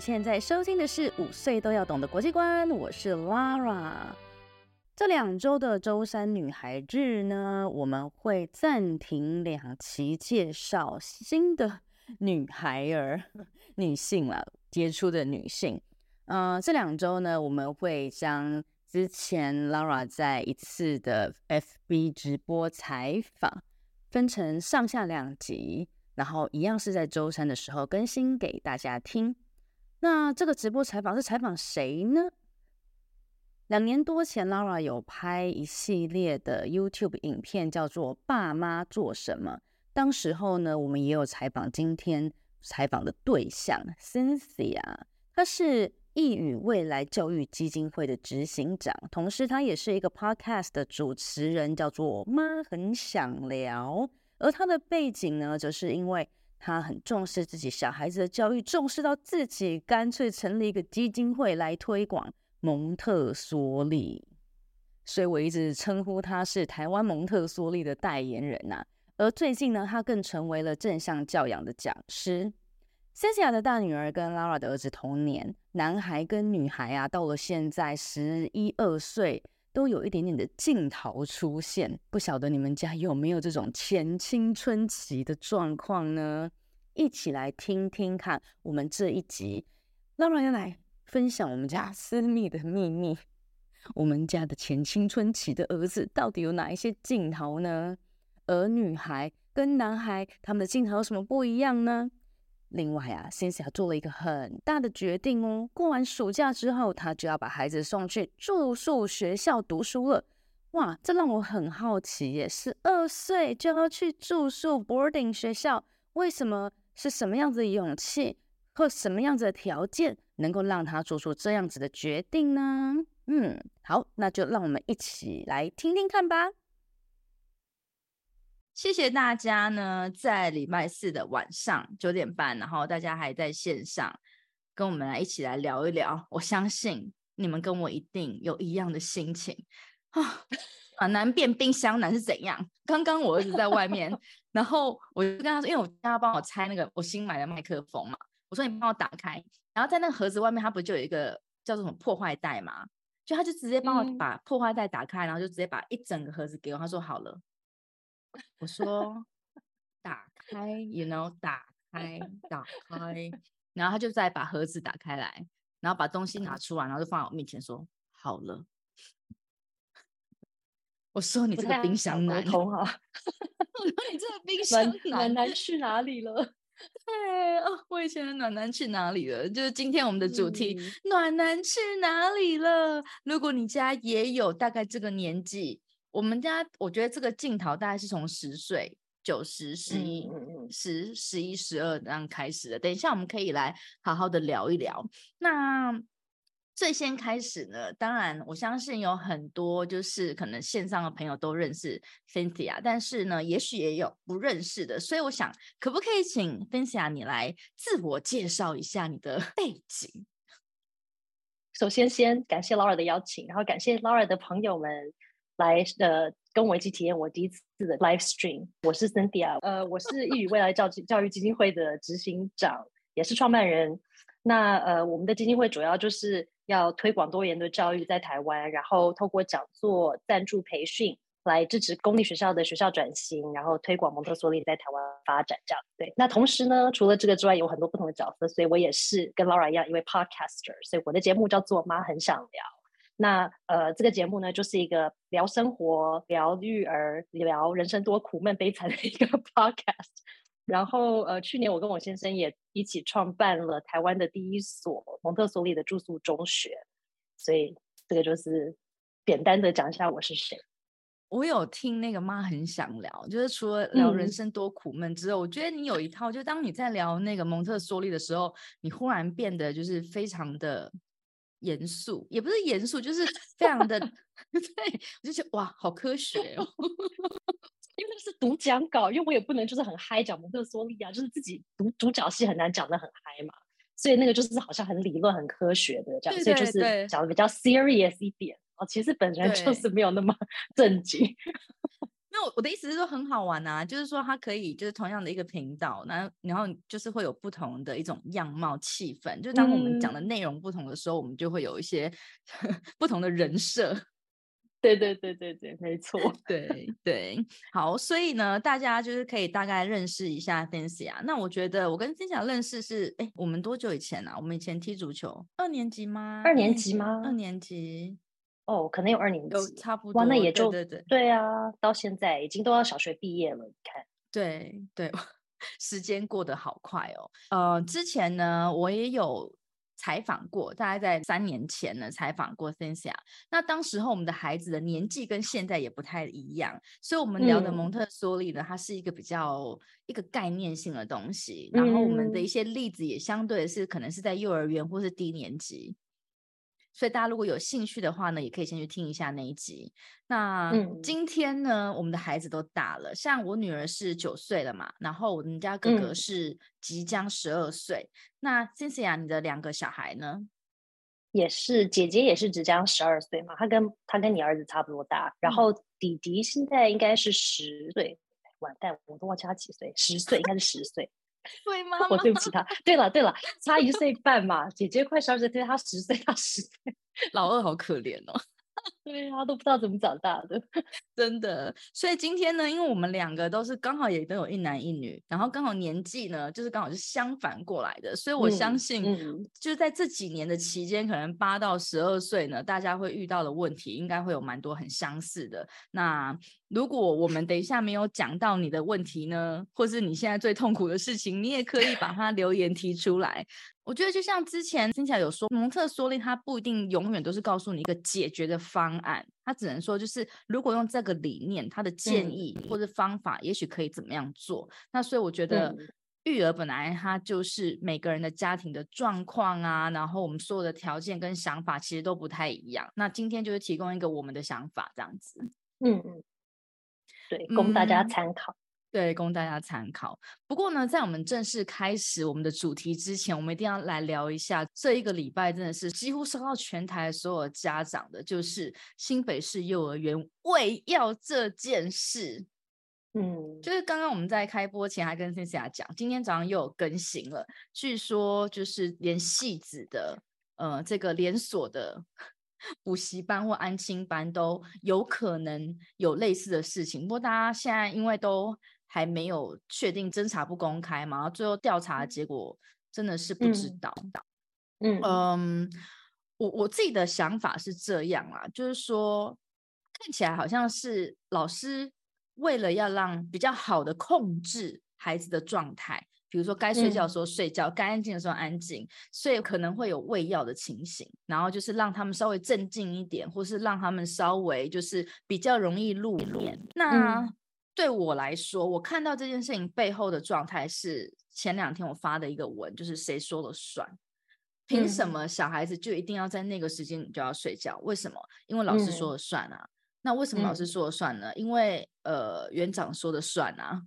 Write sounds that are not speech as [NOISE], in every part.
現在收聽的是《五歲都要懂的國際觀》，我是 Lara。這兩周的周三女孩日呢，我們會暫停兩期介紹新的女孩兒、女性了，傑出的女性。嗯、呃，這兩周呢，我們會將之前 Lara 在一次的 FB 直播採訪分成上下兩集，然後一樣是在周三的時候更新給大家聽。那這個直播採訪是採訪誰呢？兩年多前，Lara 有拍一系列的 YouTube 影片，叫做《爸媽做什麼》。當時候呢，我們也有採訪今天採訪的對象 Cynthia，她是毅宇未來教育基金會的執行長，同時她也是一個 Podcast 的主持人，叫做《媽很想聊》。而她的背景呢，則是因為。他很重視自己小孩子的教育，重視到自己乾脆成立一個基金會來推廣蒙特梭利，所以我一直稱呼他是台灣蒙特梭利的代言人吶、啊。而最近呢，他更成為了正向教養的講師。Sasia 的大女兒跟拉拉的兒子同年，男孩跟女孩啊，到了現在十一二歲，都有一點點的鏡頭出現，不曉得你們家有沒有這種前青春期的狀況呢？一起來聽聽看我們這一集，讓我們來分享我們家私密的秘密。我們家的前青春期的兒子到底有哪一些鏡頭呢？而女孩跟男孩，他們的鏡頭有什麼不一樣呢？另外啊，辛西還做了一個很大的決定哦。過完暑假之後，他就要把孩子送去住宿學校讀書了。哇，這讓我很好奇耶！十二歲就要去住宿 boarding 學校，為什麼？是什麼樣子的勇氣，或什麼樣子的條件，能夠讓他做出這樣子的決定呢？嗯，好，那就讓我們一起來聽聽看吧。謝謝大家呢，在禮拜四的晚上九點半，然後大家還在線上跟我們來一起來聊一聊。我相信你們跟我一定有一樣的心情啊！啊、哦，暖男變冰箱男是怎樣？剛剛我兒子在外面， [LAUGHS] 然後我就跟他說，因為我叫他幫我拆那個我新買的麥克風嘛。我說你幫我打開，然後在那個盒子外面，他不就有一個叫做什麼破壞袋嘛？就他就直接幫我把破壞袋打開、嗯，然後就直接把一整個盒子給我。他說好了。 [LAUGHS] 我說打開，you know，打開，打開，然後他就再把盒子打開來，然後把東西拿出來，然後就放在我面前說好了。 [LAUGHS] [LAUGHS] 我說你這個冰箱男，我 [LAUGHS] 說 [LAUGHS] 你這個冰箱男 [LAUGHS] 暖男去哪裡了？哎 [LAUGHS] 哦，我以前的暖男去哪裡了？就是今天我們的主題，嗯、暖男去哪裡了？如果你家也有大概這個年紀。我們家，我覺得這個鏡頭大概是從十歲、九十、嗯、十、嗯、一、十、嗯、十一、十二這樣開始的。等一下，我們可以來好好的聊一聊。那最先開始呢？當然，我相信有很多就是可能線上的朋友都認識 Cynthia，但是呢，也許也有不認識的。所以我想，可不可以請 Cynthia 你來自我介紹一下你的背景？首先，先感謝 Laura 的邀請，然後感謝 Laura 的朋友們。來，呃，跟我一起體驗我第一次的 live stream。我是 Cynthia，呃，我是一語未來教 [LAUGHS] 教育基金會的執行長，也是創辦人。那呃，我們的基金會主要就是要推廣多元的教育在台灣，然後透過講座、贊助、培訓來支持公立學校的學校轉型，然後推廣蒙特梭利在台灣發展。這樣對。那同時呢，除了這個之外，有很多不同的角色，所以我也是跟 Laura 一樣，一位 podcaster，所以我的節目叫做《媽很想聊》。那呃，這個節目呢，就是一個聊生活、聊育兒、聊人生多苦悶悲慘的一個 podcast。然後呃，去年我跟我先生也一起創辦了台灣的第一所蒙特梭利的住宿中學，所以這個就是簡單的講一下我是誰。我有聽那個媽很想聊，就是除了聊人生多苦悶之後，嗯，我覺得你有一套，就當你在聊那個蒙特梭利的時候，你忽然變得就是非常的。嚴肅也不是嚴肅，就是非常的 [LAUGHS] [LAUGHS] 對，我就覺得哇，好科學哦， [LAUGHS] 因為那是讀講稿，因為我也不能就是很嗨講蒙特梭利啊，就是自己獨獨角戲很難講的很嗨嘛，所以那個就是好像很理論、很科學的這樣，所以就是講的比較 serious 一點哦。其實本人就是沒有那麼正經。 [LAUGHS] 那我我的意思是說很好玩吶、啊，就是說它可以就是同樣的一個頻道，那然後就是會有不同的一種樣貌、氣氛。就當我們講的內容不同的時候，嗯、我們就會有一些呵呵不同的人設。對對對對對，沒錯。 [LAUGHS] 對對，好，所以呢，大家就是可以大概認識一下 Fancy 啊。那我覺得我跟 Fancy、啊、認識是哎，我們多久以前啊？我們以前踢足球，二年級嗎？二年級嗎？二年級。哦，可能有二年級都差不多。那也就對對對啊，到現在已經都要小學畢業了，你看。對對，時間過得好快哦。呃，之前呢，我也有採訪過，大概在三年前呢採訪過 Sensia。那當時候我們的孩子的年紀跟現在也不太一樣，所以我們聊的蒙特梭利呢、嗯，它是一個比較一個概念性的東西，然後我們的一些例子也相對是、嗯、可能是在幼兒園或是低年級。所以大家如果有興趣的話呢，也可以先去聽一下那一集。那今天呢，嗯、我們的孩子都大了，像我女兒是九歲了嘛，然後我們家哥哥是即將十二歲。嗯、那 Cynthia 你的兩個小孩呢？也是姐姐也是即將十二歲嘛，她跟她跟你兒子差不多大、嗯。然後弟弟現在應該是十歲，完蛋我都忘記他幾歲，十 [LAUGHS] 歲，應該是十歲。對嗎？我、哦、對不起他。對了對了，差一歲半嘛， [LAUGHS] 姐姐快十二歲，他十歲，他十歲， [LAUGHS] 老二好可憐哦。對，他都不知道怎麼長大的，真的。所以今天呢，因為我們兩個都是剛好也都有一男一女，然後剛好年紀呢，就是剛好是相反過來的。所以我相信，嗯嗯、就在這幾年的期間，可能八到十二歲呢，大家會遇到的問題，應該會有蠻多很相似的。那如果我們等一下沒有講到你的問題呢， [LAUGHS] 或是你現在最痛苦的事情，你也可以把它留言提出來。我覺得就像之前聽起來有說，蒙特梭利，他不一定永遠都是告訴你一個解決的方。方案，他只能說就是，如果用這個理念，他的建議或者方法，也許可以怎麼樣做。嗯，那所以我覺得育兒本來它就是每個人的家庭的狀況啊，然後我們所有的條件跟想法其實都不太一樣。那今天就是提供一個我們的想法，這樣子，嗯嗯，對，供大家參考。嗯對，供大家參考。不過呢，在我們正式開始我們的主題之前，我們一定要來聊一下這一個禮拜真的是幾乎收到全台所有家長的，就是新北市幼兒園餵藥這件事。嗯，就是剛剛我們在開播前還跟思雅講，今天早上又有更新了，據說就是連戲子的呃這個連鎖的補習班或安親班都有可能有類似的事情。不過大家現在因為都。還沒有確定，偵查不公開嘛？然後最後調查的結果真的是不知道嗯，嗯嗯我我自己的想法是這樣啊，就是說看起來好像是老師為了要讓比較好的控制孩子的狀態，比如說該睡覺的時候睡覺、嗯，該安靜的時候安靜，所以可能會有餵藥的情形，然後就是讓他們稍微鎮靜一點，或是讓他們稍微就是比較容易入眠。那、嗯對我來說，我看到這件事情背後的狀態是：前兩天我發的一個文，就是誰說了算？憑什麼小孩子就一定要在那個時間你就要睡覺？嗯，為什麼？因為老師說了算啊。嗯，那為什麼老師說了算呢？嗯，因為呃，園長說了算啊。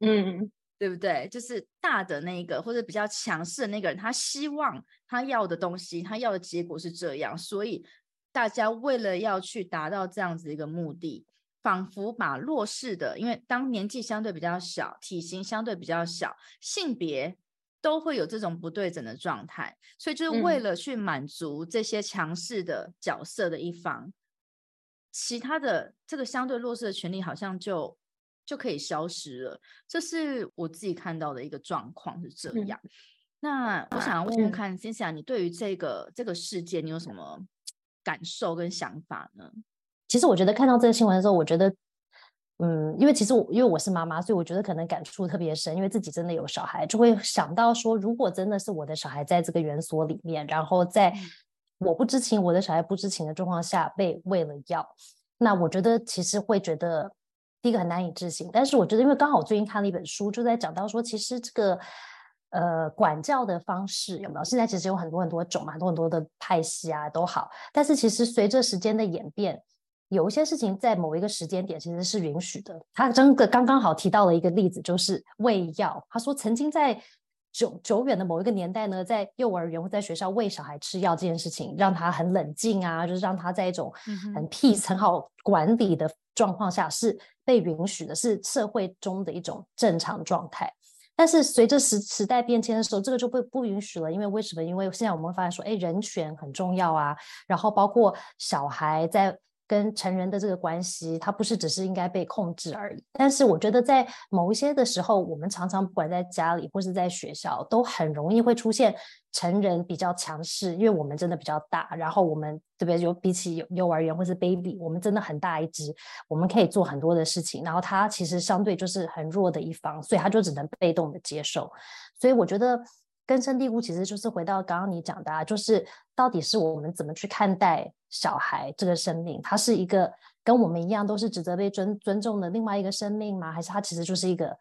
嗯，對不對？就是大的那個或者比較強勢的那個人，他希望他要的東西，他要的結果是這樣，所以大家為了要去達到這樣子一個目的。仿佛把弱勢的，因為當年紀相對比較小，體型相對比較小，性別都會有這種不對等的狀態，所以就是為了去滿足這些強勢的角色的一方，嗯、其他的這個相對弱勢的權利好像就就可以消失了。這是我自己看到的一個狀況是這樣。嗯、那我想要問，問問看，欣、嗯、欣你對於這個這個世界，你有什麼感受跟想法呢？其實我覺得看到這個新聞的時候，我覺得，嗯，因為其實我因為我是媽媽，所以我覺得可能感觸特別深，因為自己真的有小孩，就會想到說，如果真的是我的小孩在這個園所裡面，然後在我不知情，我的小孩不知情的狀況下被餵了藥，那我覺得其實會覺得第一個很難以置信。但是我覺得，因為剛好我最近看了一本書，就在講到說，其實這個呃管教的方式有沒有？現在其實有很多很多種嘛，很多很多的派系啊都好，但是其實隨着時間的演變。有一些事情在某一個時間點其實是允許的。他真的剛剛好提到了一個例子，就是餵藥。他說，曾經在久久遠的某一個年代呢，在幼兒園或在學校餵小孩吃藥這件事情，讓他很冷靜啊，就是讓他在一種很 peace 很好管理的狀況下是被允許的，是社會中的一種正常狀態。但是隨着時時代變遷的時候，這個就不不允許了。因為為什麼？因為現在我們會發現說，哎，人權很重要啊。然後包括小孩在。跟成人的這個關係，他不是只是應該被控制而已。但是我覺得，在某一些的時候，我們常常不管在家裡或是在學校，都很容易會出現成人比較強勢，因為我們真的比較大。然後我們對不對？有比起幼兒園或是 baby，我們真的很大一隻，我們可以做很多的事情。然後他其實相對就是很弱的一方，所以他就只能被動的接受。所以我覺得根深蒂固，其實就是回到剛剛你講的啊，就是到底是我們怎麼去看待。小孩這個生命，他是一個跟我們一樣都是值得被尊尊重的另外一個生命嗎？還是他其實就是一個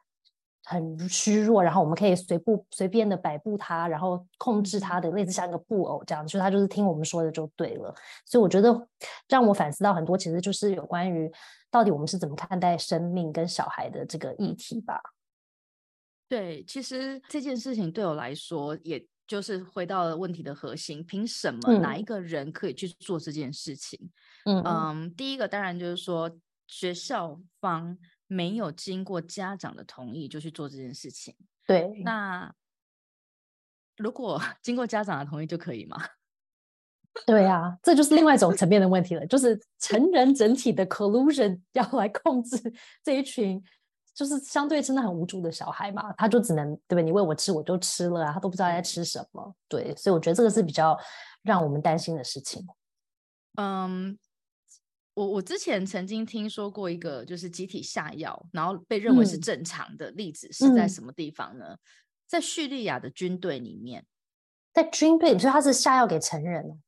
很虛弱，然後我們可以隨步隨便的擺布他，然後控制他的，類似像一個布偶這樣，所以他就是聽我們說的就對了。所以我覺得讓我反思到很多，其實就是有關於到底我們是怎麼看待生命跟小孩的這個議題吧。對，其實這件事情對我來說也。就是回到了問題的核心，憑什麼哪一個人可以去做這件事情？嗯，um, 嗯，第一個當然就是說，學校方沒有經過家長的同意就去做這件事情。對，那如果經過家長的同意就可以嗎？對呀、啊，這就是另外一種層面的問題了， [LAUGHS] 就是成人整體的 collusion 要來控制這一群。就是相對真的很無助的小孩嘛，他就只能對不對？你餵我吃，我就吃了啊，他都不知道在吃什麼。對，所以我覺得這個是比較讓我們擔心的事情。嗯，我我之前曾經聽說過一個就是集體下藥，然後被認為是正常的例子，嗯、是在什麼地方呢，嗯？在敘利亞的軍隊裡面，在軍隊，你說他是下藥給成人，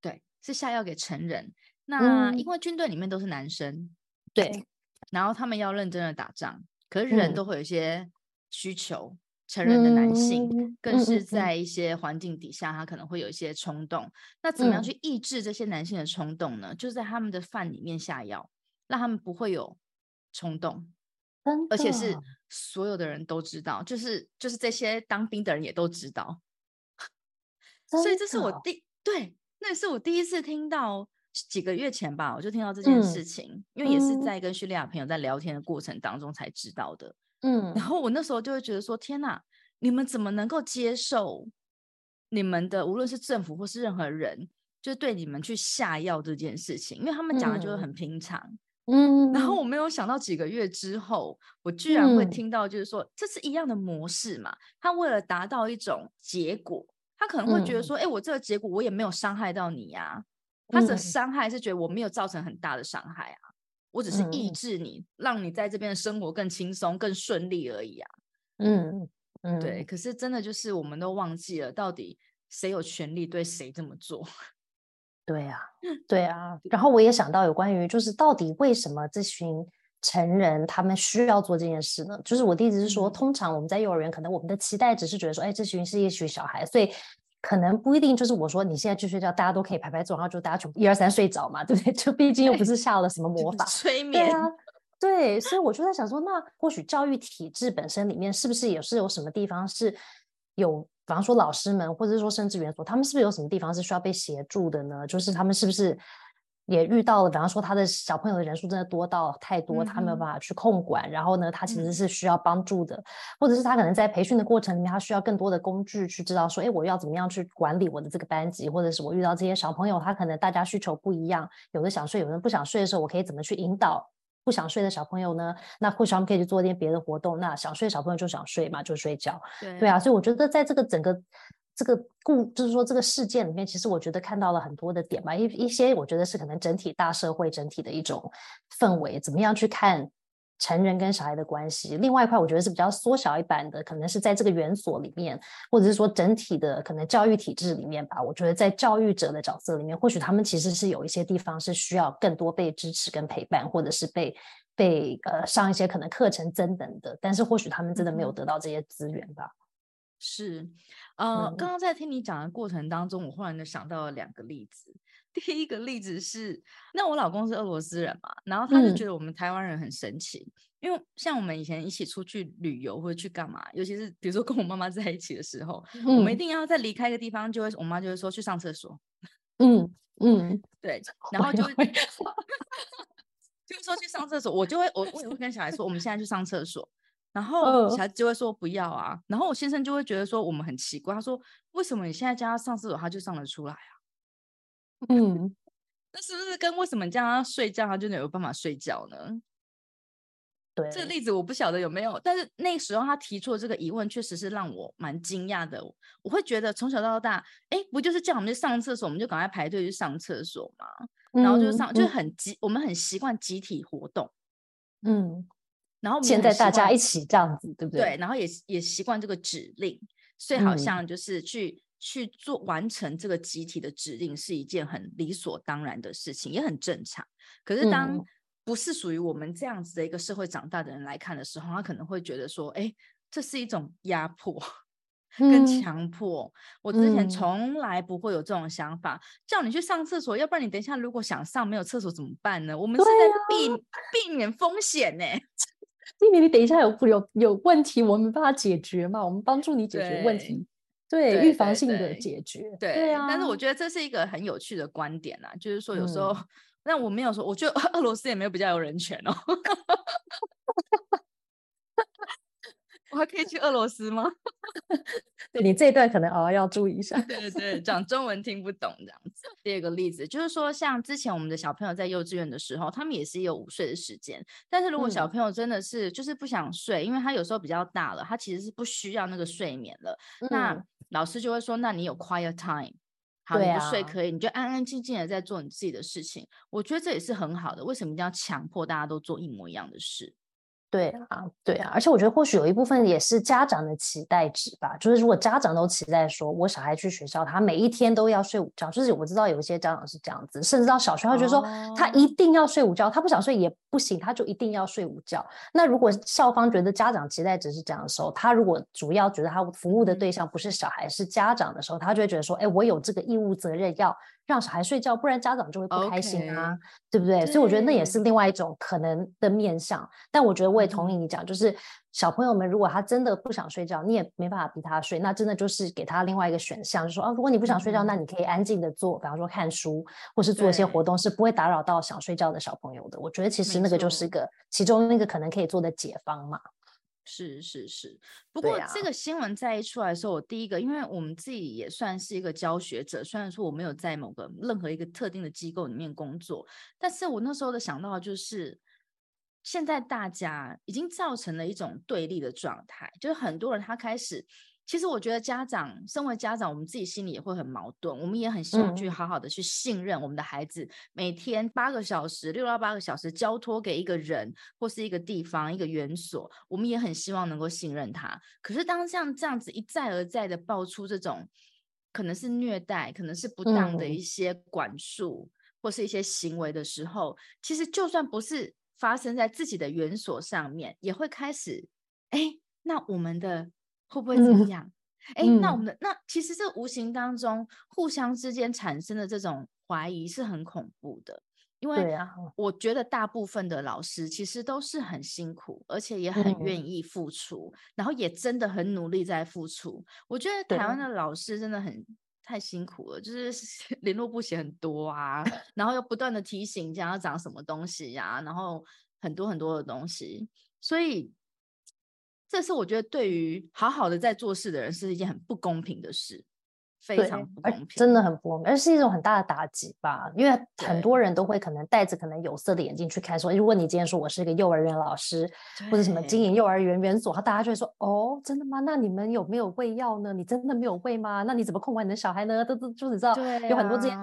對，是下藥給成人。那，嗯、因為軍隊裡面都是男生，對。然後他們要認真的打仗，可是人都會有一些需求，嗯、成人的男性、嗯、更是在一些環境底下，他可能會有一些衝動、嗯。那怎麼樣去抑制這些男性的衝動呢、嗯？就是在他們的飯裡面下藥，讓他們不會有衝動，啊、而且是所有的人都知道，就是就是這些當兵的人也都知道。 [LAUGHS] 所以這是我第對，那是我第一次聽到。幾個月前吧，我就聽到這件事情，嗯、因為也是在跟敘利亞朋友在聊天的過程當中才知道的。嗯，然後我那時候就會覺得說：“天哪、啊，你們怎麼能夠接受你們的，無論是政府或是任何人，就是對你們去下藥這件事情，因為他們講的就是很平常。嗯，然後我沒有想到幾個月之後，我居然會聽到，就是說、嗯、這是一樣的模式嘛。他為了達到一種結果，他可能會覺得說：“哎、嗯欸，我這個結果我也沒有傷害到你呀、啊。”他的傷害是覺得我沒有造成很大的傷害啊、嗯，我只是抑制你，嗯、讓你在這邊的生活更輕鬆、更順利而已啊。嗯嗯，對嗯。可是真的就是我們都忘記了，到底誰有權利對誰這麼做？對啊，對啊。然後我也想到有關於，就是到底為什麼這群成人他們需要做這件事呢？就是我的意思是說，通常我們在幼兒園，可能我們的期待只是覺得說，哎、欸，這群是一群小孩，所以。可能不一定，就是我說你現在去睡覺，大家都可以排排坐，然後就大家就一二三睡着嘛，對不對？就畢竟又不是下了什麼魔法催眠啊，對。所以我就在想說，那或許教育體制本身裡面是不是也是有什麼地方是有，比方說老師們，或者是說甚至園所，他們是不是有什麼地方是需要被協助的呢？就是他們是不是？也遇到了，比方說他的小朋友的人數真的多到太多，嗯嗯，他沒有辦法去控管。然後呢，他其實是需要幫助的。嗯，或者是他可能在培訓的過程裡面，他需要更多的工具去知道說，誒，我要怎麼樣去管理我的這個班級？或者是我遇到這些小朋友，他可能大家需求不一樣，有的想睡，有的不想睡的時候，我可以怎麼去引導不想睡的小朋友呢？那或許我們可以去做一點別的活動，那想睡的小朋友就想睡嘛，就睡覺。對啊，對啊，所以我覺得在這個整個。這個故就是說，這個事件裡面，其實我覺得看到了很多的點吧。一一些我覺得是可能整體大社會整體的一種氛圍，怎麼樣去看成人跟小孩的關係。另外一塊，我覺得是比較縮小一版的，可能是在這個園所裡面，或者是說整體的可能教育體制裡面吧。我覺得在教育者的角色裡面，或許他們其實是有一些地方是需要更多被支持跟陪伴，或者是被被呃上一些可能課程等等的。但是或許他們真的沒有得到這些資源吧。是，呃、嗯，剛剛在聽你講的過程當中，我忽然就想到了兩個例子。第一個例子是，那我老公是俄羅斯人嘛，然後他就覺得我們台灣人很神奇，嗯、因為像我們以前一起出去旅遊或者去幹嘛，尤其是比如說跟我媽媽在一起的時候，嗯、我們一定要在離開一個地方，就會我媽就會說去上廁所，嗯嗯， [LAUGHS] 對，然後就會 [LAUGHS] [LAUGHS] 就是說去上廁所，我就會我我也會跟小孩說，我們現在去上廁所。然後他就會說不要啊，oh. 然後我先生就會覺得說我們很奇怪，他說，為什麼你現在叫他上廁所，他就上得出來啊？嗯、mm. [LAUGHS] 那是不是跟為什麼你叫他睡覺他就能有辦法睡覺呢？對，這個例子我不曉得有沒有，但是那時候他提出的這個疑問確實是讓我蠻驚訝的。我會覺得，從小到大，哎，不就是叫我們去上廁所，我們就趕快排隊去上廁所嘛，mm -hmm. 然後就上就很集，我們很習慣集體活動。嗯、mm -hmm.。Mm. 然後我們現在大家一起這樣子，對不對？對，然後也也習慣這個指令，所以好像就是去、嗯、去做完成這個集體的指令，是一件很理所當然的事情，也很正常。可是當不是屬於我們這樣子的一個社會長大的人來看的時候，嗯、他可能會覺得說，哎，這是一種壓迫跟強迫、嗯。我之前從來不會有這種想法、嗯，叫你去上廁所，要不然你等一下如果想上沒有廁所怎麼辦呢？我們是在避、啊、避免風險呢、欸。因為你等一下有，有有有問題，我們沒辦法解決嘛，我們幫助你解決問題，對，預防性的解決，對，對，對，對、啊、對，但是我覺得這是一個很有趣的觀點啊，就是說有時候、嗯，但我沒有說，我覺得俄羅斯也沒有比較有人權哦、喔。 [LAUGHS] 我還可以去俄羅斯嗎？ [LAUGHS] 對你這一段可能也要注意一下。 [LAUGHS] 對對對，講中文聽不懂這樣子。 [LAUGHS] 第二個例子就是說，像之前我們的小朋友在幼稚園的時候，他們也是也有午睡的時間。但是如果小朋友真的是就是不想睡、嗯，因為他有時候比較大了，他其實是不需要那個睡眠了。嗯、那老師就會說：“那你有 quiet time，好、啊、你不睡可以，你就安安靜靜的在做你自己的事情。”我覺得這也是很好的。為什麼一定要強迫大家都做一模一樣的事？對啊，對啊，而且我覺得或許有一部分也是家長的期待值吧。就是如果家長都期待說，我小孩去學校，他每一天都要睡午覺，就是我知道有一些家長是這樣子，甚至到小學他覺得說，他一定要睡午覺，他不想睡也不行，他就一定要睡午覺。那如果校方覺得家長期待值是這樣的時候，他如果主要覺得他服務的對象不是小孩，是家長的時候，他就會覺得說，哎，我有這個義務責任要。讓小孩睡覺，不然家長就會不開心啊，Okay, 對不對？對。所以我覺得那也是另外一種可能的面向。但我覺得我也同意你講，就是小朋友們如果他真的不想睡覺，你也沒辦法逼他睡，那真的就是給他另外一個選項，就是說，啊，如果你不想睡覺，嗯、那你可以安靜的做，比方說看書或是做一些活動，是不會打擾到想睡覺的小朋友的。我覺得其實那個就是一個其中那個可能可以做的解方嘛。是是是，不過這個新聞在一出來的時候、啊，我第一個，因為我們自己也算是一個教學者，雖然說我沒有在某個任何一個特定的機構裡面工作，但是我那時候的想到就是，現在大家已經造成了一種對立的狀態，就是很多人他開始。其實我覺得，家長身為家長，我們自己心裡也會很矛盾。我們也很希望去好好的去信任我們的孩子，嗯、每天八個小時、六到八個小時交托給一個人或是一個地方、一個園所，我們也很希望能夠信任他。可是當像這樣，這樣子一再而再的爆出這種可能是虐待、可能是不當的一些管束、嗯、或是一些行為的時候，其實就算不是發生在自己的園所上面，也會開始，哎，那我們的。會不會怎麼樣，嗯欸？那我們的、嗯、那其實這無形當中互相之間產生的這種懷疑是很恐怖的。因為我覺得大部分的老師其實都是很辛苦，而且也很願意付出、嗯，然後也真的很努力在付出。我覺得台灣的老師真的很太辛苦了，就是聯絡簿寫很多啊， [LAUGHS] 然後又不斷的提醒講要講什麼東西啊，然後很多很多的東西，所以。這是我覺得對於好好的在做事的人是一件很不公平的事，非常不公平，真的很不公平，而是一種很大的打擊吧。因為很多人都會可能戴着可能有色的眼鏡去看說，說如果你今天說我是一個幼兒園老師或者什麼經營幼兒園園所，他大家就會說：“哦，真的嗎？那你們有沒有餵藥呢？你真的沒有餵嗎？那你怎麼控管你的小孩呢？”都都就知道、啊，有很多這些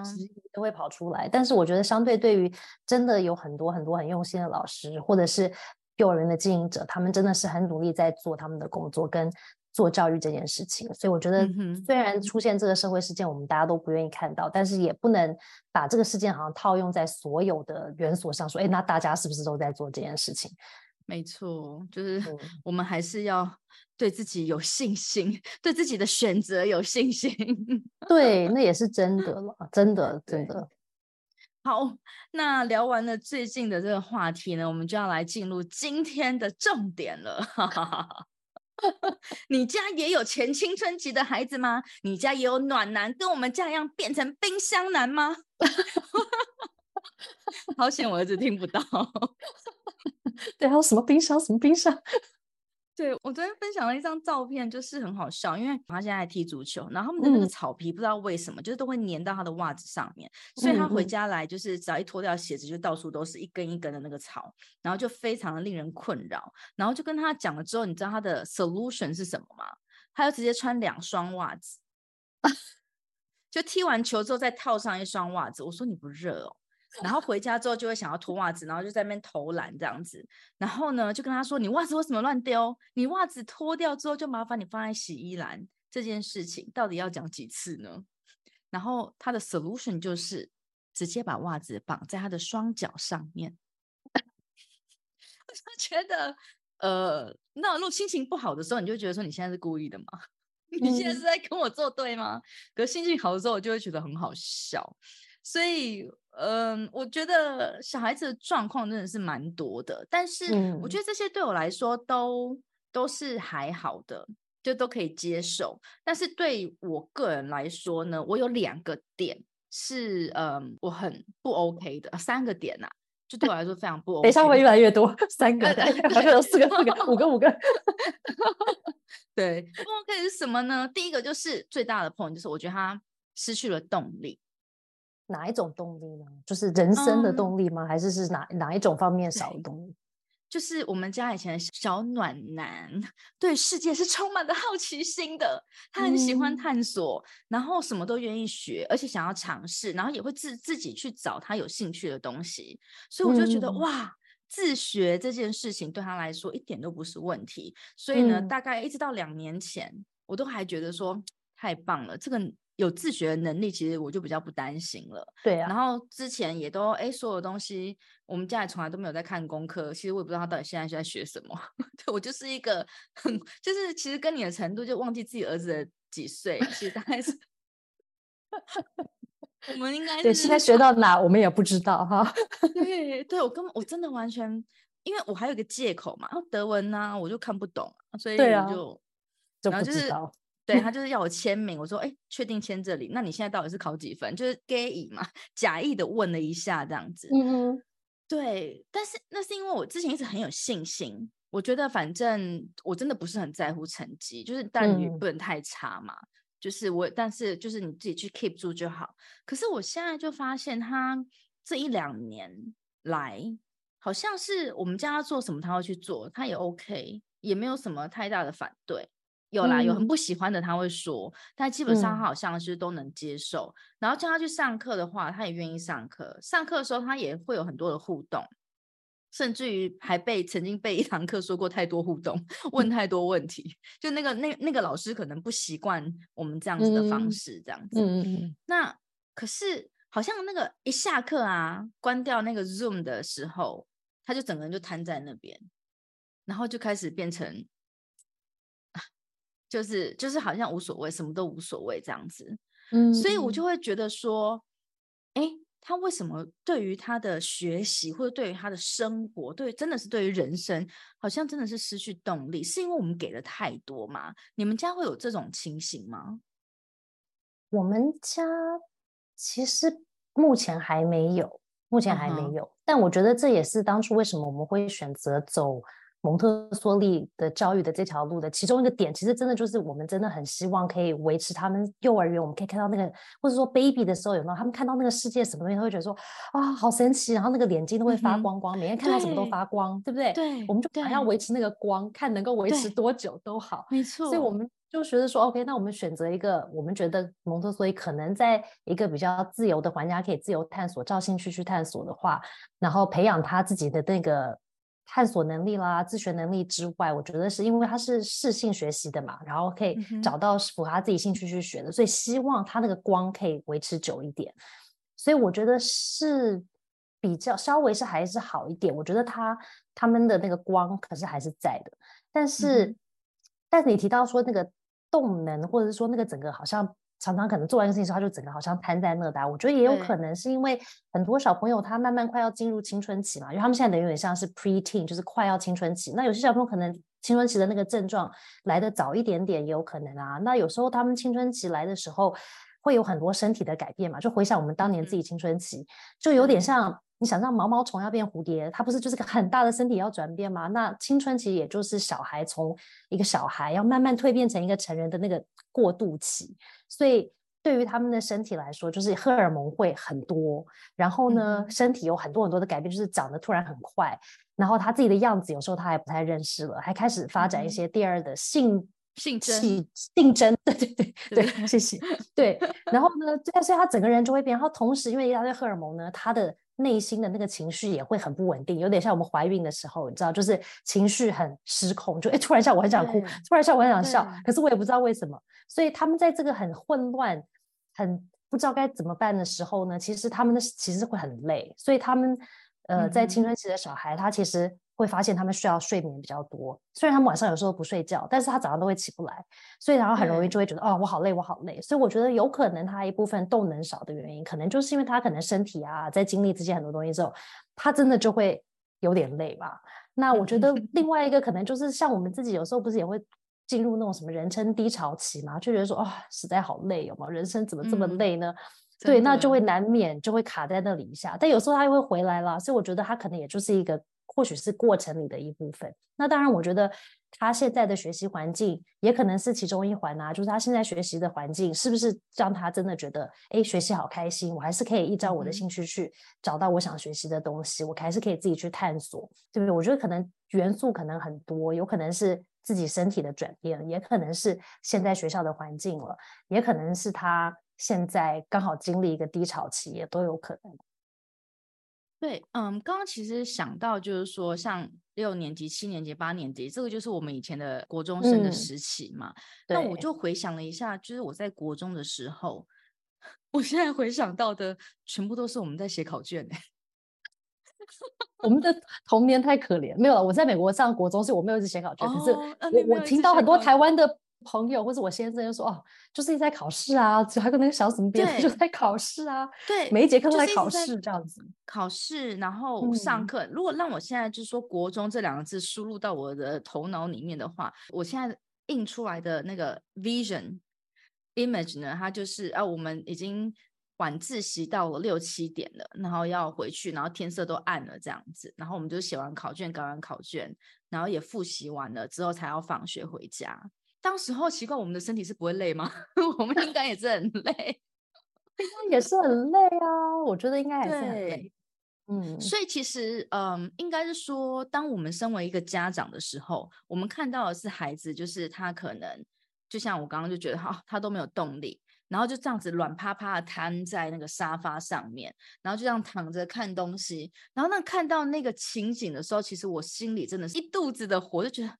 都會跑出來。但是我覺得，相對對於真的有很多很多很用心的老師，或者是。幼兒園的經營者，他們真的是很努力在做他們的工作，跟做教育這件事情。所以我覺得，雖然出現這個社會事件，我們大家都不願意看到、嗯，但是也不能把這個事件好像套用在所有的園所上，說，誒，那大家是不是都在做這件事情？沒錯，就是我們還是要對自己有信心，嗯、對自己的選擇有信心。 [LAUGHS] 對，那也是真的了、 [LAUGHS] 啊，真的，真的。好，那聊完了最近的這個話題呢，我們就要來進入今天的重點了。 [LAUGHS] 你家也有前青春期的孩子嗎？你家也有暖男，跟我們家一樣變成冰箱男嗎？ [LAUGHS] 好險，我兒子聽不到。 [LAUGHS] 對，還有什麼冰箱？什麼冰箱？對我昨天分享了一張照片，就是很好笑，因為他現在在踢足球，然後他們的那個草皮不知道為什麼，嗯，就是都會粘到他的襪子上面，所以他回家來就是只要一脫掉鞋子，就到處都是一根一根的那個草，然後就非常的令人困擾。然後就跟他講了之後，你知道他的 solution 是什麼嗎？他就直接穿兩雙襪子，就踢完球之後再套上一雙襪子。我說你不熱哦。然後回家之後就會想要脫襪子，然後就在那邊投籃這樣子。然後呢，就跟他說：“你襪子為什麼亂丟？你襪子脫掉之後，就麻煩你放在洗衣籃。”這件事情到底要講幾次呢？然後他的 solution 就是直接把襪子綁在他的雙腳上面。 [LAUGHS] [LAUGHS] 我就覺得，呃，那如果心情不好的時候，你就覺得說你現在是故意的嗎？ [LAUGHS] 你現在是在跟我作對嗎？嗯、可是心情好的時候，我就會覺得很好笑，所以。嗯，我覺得小孩子的狀況真的是蠻多的，但是我覺得這些對我來說都、嗯、都是還好的，就都可以接受。但是對我個人來說呢，我有兩個點是嗯我很不 OK 的，三個點吶、啊，就對我來說非常不 OK。稍微越來越多，三個，好像有四個、四個、五個、五個。對，不 OK 是什麼呢？ [LAUGHS] 第一個就是 [LAUGHS] 最大的 point，就是我覺得他失去了動力。哪一種動力呢？就是人生的動力嗎？嗯、還是是哪哪一種方面少的動力？就是我們家以前的小暖男，對世界是充滿的好奇心的，他很喜歡探索，嗯，然後什麼都願意學，而且想要嘗試，然後也會自自己去找他有興趣的東西。所以我就覺得，嗯，哇，自學這件事情對他來說一點都不是問題。所以呢，嗯，大概一直到兩年前，我都還覺得說太棒了，這個。有自學的能力，其實我就比較不擔心了。對啊，然後之前也都哎、欸，所有東西我們家裡從來都沒有在看功課。其實我也不知道他到底現在學在學什麼？ [LAUGHS] 對我就是一個很就是其實跟你的程度就忘記自己兒子的幾歲，其實大概是。 [LAUGHS] 我們應該對現在學到哪，我們也不知道哈 [LAUGHS] 對。對，對我根本我真的完全，因為我還有個借口嘛，德文啊，我就看不懂，所以我就對啊、然後就是、就不知道。對他就是要我簽名，我說哎，確定簽這裡？那你現在到底是考幾分？就是給 y 嘛，假意的問了一下這樣子。嗯嗯，對，但是那是因為我之前一直很有信心，我覺得反正我真的不是很在乎成績，就是但也不能太差嘛。Mm -hmm. 就是我，但是就是你自己去 keep 住就好。可是我現在就發現，他這一兩年來，好像是我們叫他做什麼，他會去做，他也 OK，也沒有什麼太大的反對。有啦，有很不喜歡的他會說，嗯。但基本上他好像是都能接受，嗯。然後叫他去上課的話，他也願意上課。上課的時候，他也會有很多的互動，甚至於還被曾經被一堂課說過太多互動，問太多問題。嗯。就那個那那個老師可能不習慣我們這樣子的方式，嗯。這樣子。嗯。那可是好像那個一下課啊，關掉那個 Zoom 的時候，他就整個人就癱在那邊，然後就開始變成。就是就是好像無所謂，什麼都無所謂這樣子，嗯，所以我就會覺得說，哎，他為什麼對於他的學習或者對於他的生活，對，真的是對於人生，好像真的是失去動力，是因為我們給了太多嗎？你們家會有這種情形嗎？我們家其實目前還沒有，目前還沒有，Uh-huh. 但我覺得這也是當初為什麼我們會選擇走。蒙特梭利的教育的這條路的其中一個點，其實真的就是我們真的很希望可以維持他們幼兒園，我們可以看到那個或者說 baby 的時候有沒有他們看到那個世界什麼東西，他會覺得說啊、哦，好神奇，然後那個眼睛都會發光光，嗯、每天看到什麼都發光對，對不對？對，我們就想要維持那個光，看能夠維持多久都好，沒錯。所以我們就覺得說，OK，那我們選擇一個我們覺得蒙特梭利可能在一個比較自由的環境，可以自由探索、照興趣去探索的話，然後培養他自己的那個。探索能力啦，自學能力之外，我覺得是因為他是適性學習的嘛，然後可以找到符合他自己興趣去學的、嗯，所以希望他那個光可以維持久一點。所以我覺得是比較稍微是還是好一點。我覺得他他們的那個光可是還是在的，但是、嗯、但是你提到說那個動能，或者是說那個整個好像。常常可能做完事情之後，他就整個好像癱在那的啊。我覺得也有可能是因為很多小朋友他慢慢快要進入青春期嘛，因為他們現在等於有點像是 preteen，就是快要青春期。那有些小朋友可能青春期的那個症狀來的早一點點也有可能啊。那有時候他們青春期來的時候，會有很多身體的改變嘛，就回想我們當年自己青春期，就有點像你想象毛毛蟲要變蝴蝶，它不是就是個很大的身體要轉變嗎？那青春期也就是小孩從一個小孩要慢慢蛻變成一個成人的那個過渡期，所以對於他們的身體來說，就是荷爾蒙會很多，然後呢，身體有很多很多的改變，就是長得突然很快，然後他自己的樣子有時候他還不太認識了，還開始發展一些第二的性。性徵、性徵，對對對對是是，謝謝。對，然後呢？對，所以他整個人就會變。然後同時，因為一大堆荷爾蒙呢，他的內心的那個情緒也會很不穩定，有點像我們懷孕的時候，你知道，就是情緒很失控，就哎，突然一下我很想哭，對突然一下我很想笑對，可是我也不知道為什麼對。所以他們在這個很混亂、很不知道該怎麼辦的時候呢，其實他們的其實會很累。所以他們呃，在青春期的小孩，嗯、他其實。會發現他們需要睡眠比較多，雖然他們晚上有時候不睡覺，但是他早上都會起不來，所以然後很容易就會覺得哦，我好累，我好累。所以我覺得有可能他一部分動能少的原因，可能就是因為他可能身體啊，在經歷這些很多東西之後，他真的就會有點累吧。那我覺得另外一個可能就是像我們自己有時候不是也會進入那種什麼人生低潮期嘛，就覺得說啊、哦，實在好累，有嗎？人生怎麼這麼累呢？嗯，對，那就會難免就會卡在那裡一下，但有時候他又會回來了。所以我覺得他可能也就是一個。或許是過程裡的一部分。那當然，我覺得他現在的學習環境也可能是其中一環吶、啊。就是他現在學習的環境是不是讓他真的覺得，哎，學習好開心？我還是可以依照我的興趣去找到我想學習的東西，我還是可以自己去探索，對不對？我覺得可能元素可能很多，有可能是自己身體的轉變，也可能是現在學校的環境了，也可能是他現在剛好經歷一個低潮期，也都有可能。對，嗯，剛剛其實想到就是說，像六年級、七年級、八年級，這個就是我們以前的國中生的時期嘛。那、嗯、我就回想了一下，就是我在國中的時候，我現在回想到的全部都是我們在寫考卷，欸、我們的童年太可憐，沒有了。我在美國上國中，是我沒有一直寫考卷，哦、可是我我聽到很多台灣的。朋友或者我先生就說：“哦，就是一直在考試啊，就還跟那個小什麼編就在考試啊。”對，每一節課都在考試，就是一直在考試這樣子。考試，然後上課。嗯、如果讓我現在就是說“國中”這兩個字輸入到我的頭腦裡面的話，我現在印出來的那個 vision image 呢，它就是啊，我們已經晚自習到了六七點了，然後要回去，然後天色都暗了這樣子，然後我們就寫完考卷，搞完考卷，然後也複習完了之後，才要放學回家。當時候奇怪，我們的身體是不會累嗎？ [LAUGHS] 我們應該也是很累，應 [LAUGHS] 該也是很累啊！我覺得應該也是很累。嗯，所以其實，嗯，應該是說，當我們身為一個家長的時候，我們看到的是孩子，就是他可能就像我剛剛就覺得，哈、哦，他都沒有動力，然後就這樣子軟趴趴的癱在那個沙發上面，然後就這樣躺着看東西，然後那看到那個情景的時候，其實我心裡真的是一肚子的火，就覺得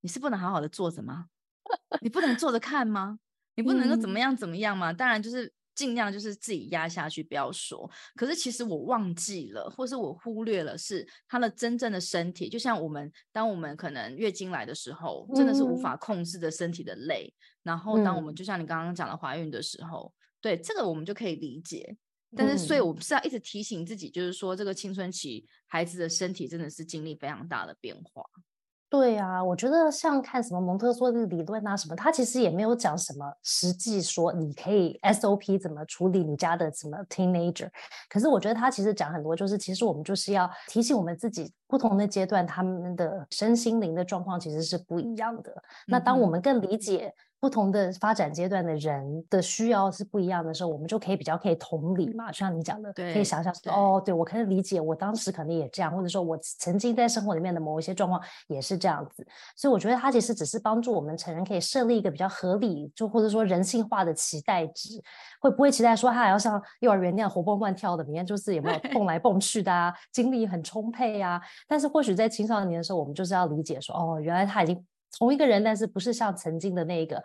你是不能好好的坐着嗎？ [LAUGHS] 你不能坐着看嗎？你不能夠怎麼樣怎麼樣嗎？嗯、當然，就是盡量就是自己壓下去，不要說。可是其實我忘記了，或是我忽略了，是他的真正的身體。就像我們，當我們可能月經來的時候，嗯、真的是無法控制的身體的累。然後，當我們就像你剛剛講的懷孕的時候，嗯、對這個我們就可以理解。但是，所以我不是要一直提醒自己，就是說這個青春期孩子的身體真的是經歷非常大的變化。對啊，我覺得像看什麼蒙特梭利理論啊，什麼他其實也沒有講什麼實際說你可以 SOP 怎麼處理你家的什麼 teenager，可是我覺得他其實講很多，就是其實我們就是要提醒我們自己，不同的階段他們的身心靈的狀況其實是不一樣的。嗯、那當我們更理解。不同的發展階段的人的需要是不一樣的時候，我們就可以比較可以同理嘛，就像你講的，對，可以想想說哦，對，我可以理解，我當時可能也這樣，或者說我曾經在生活裡面的某一些狀況也是這樣子。所以我覺得他其實只是幫助我們成人可以設立一個比較合理，就或者說人性化的期待值，會不會期待說他還要像幼兒園那樣活蹦亂跳的裡面，每天就是有沒有蹦來蹦去的啊， [LAUGHS] 精力很充沛啊？但是或許在青少年的時候，我們就是要理解說，哦，原來他已經。同一個人，但是不是像曾經的那個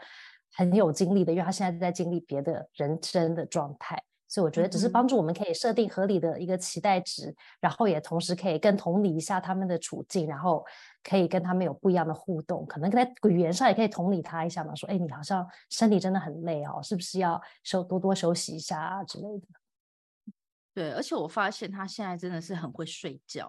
很有經歷的，因為他現在在經歷別的人生的狀態，所以我覺得只是幫助我們可以設定合理的一個期待值，嗯，然後也同時可以跟同理一下他們的處境，然後可以跟他們有不一樣的互動，可能在語言上也可以同理他一下嘛，說哎，你好像身體真的很累哦，是不是要休多多休息一下啊之類的？對，而且我發現他現在真的是很會睡覺。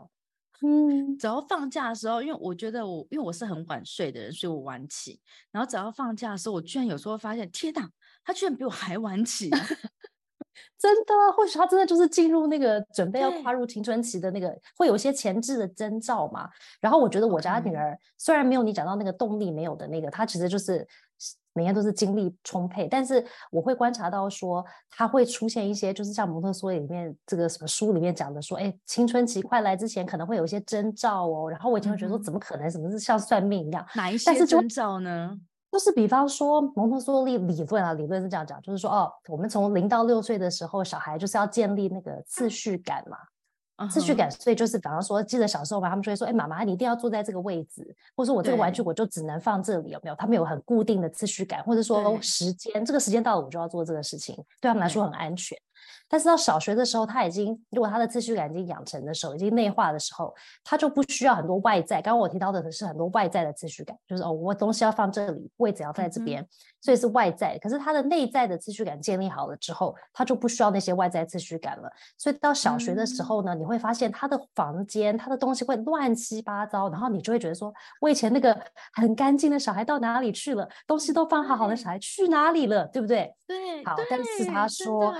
嗯，只要放假的時候，因為我覺得我，因為我是很晚睡的人，所以我晚起。然後只要放假的時候，我居然有時候發現，天哪，啊，他居然比我還晚起，啊， [LAUGHS] 真的，或許他真的就是進入那個準備要跨入青春期的那個，會有一些前置的徵兆嘛。然後我覺得我家女兒，Okay. 雖然沒有你講到那個動力沒有的那個，她其實就是。每天都是精力充沛，但是我會觀察到說他會出現一些，就是像蒙特梭利裡面這個什麼書裡面講的說，哎，青春期快來之前可能會有一些徵兆哦。然後我以前會覺得說，怎麼可能、嗯？什麼是像算命一樣？哪一些徵兆呢？是就是比方說蒙特梭利理論啊，理論是這樣講，就是說哦，我們從零到六歲的時候，小孩就是要建立那個秩序感嘛。Uh-huh. 秩序感，所以就是，比方說，記得小時候吧，他們就會說：“哎、欸，媽媽，你一定要坐在這個位置，或者說，我這個玩具我就只能放這裡，有沒有？”他們有很固定的秩序感，或者說時間，這個時間到了我就要做這個事情，對他們來說很安全。但是到小學的時候，他已經如果他的秩序感已經養成的時候，已經內化的時候，他就不需要很多外在。剛剛我提到的是很多外在的秩序感，就是哦，我東西要放這裡，位置要放在這邊、嗯，所以是外在。可是他的內在的秩序感建立好了之後，他就不需要那些外在秩序感了。所以到小學的時候呢、嗯，你會發現他的房間，他的東西會亂七八糟，然後你就會覺得說，我以前那個很乾淨的小孩到哪裡去了？東西都放好好的小孩去哪裡了？對不對？對。好，但是他說。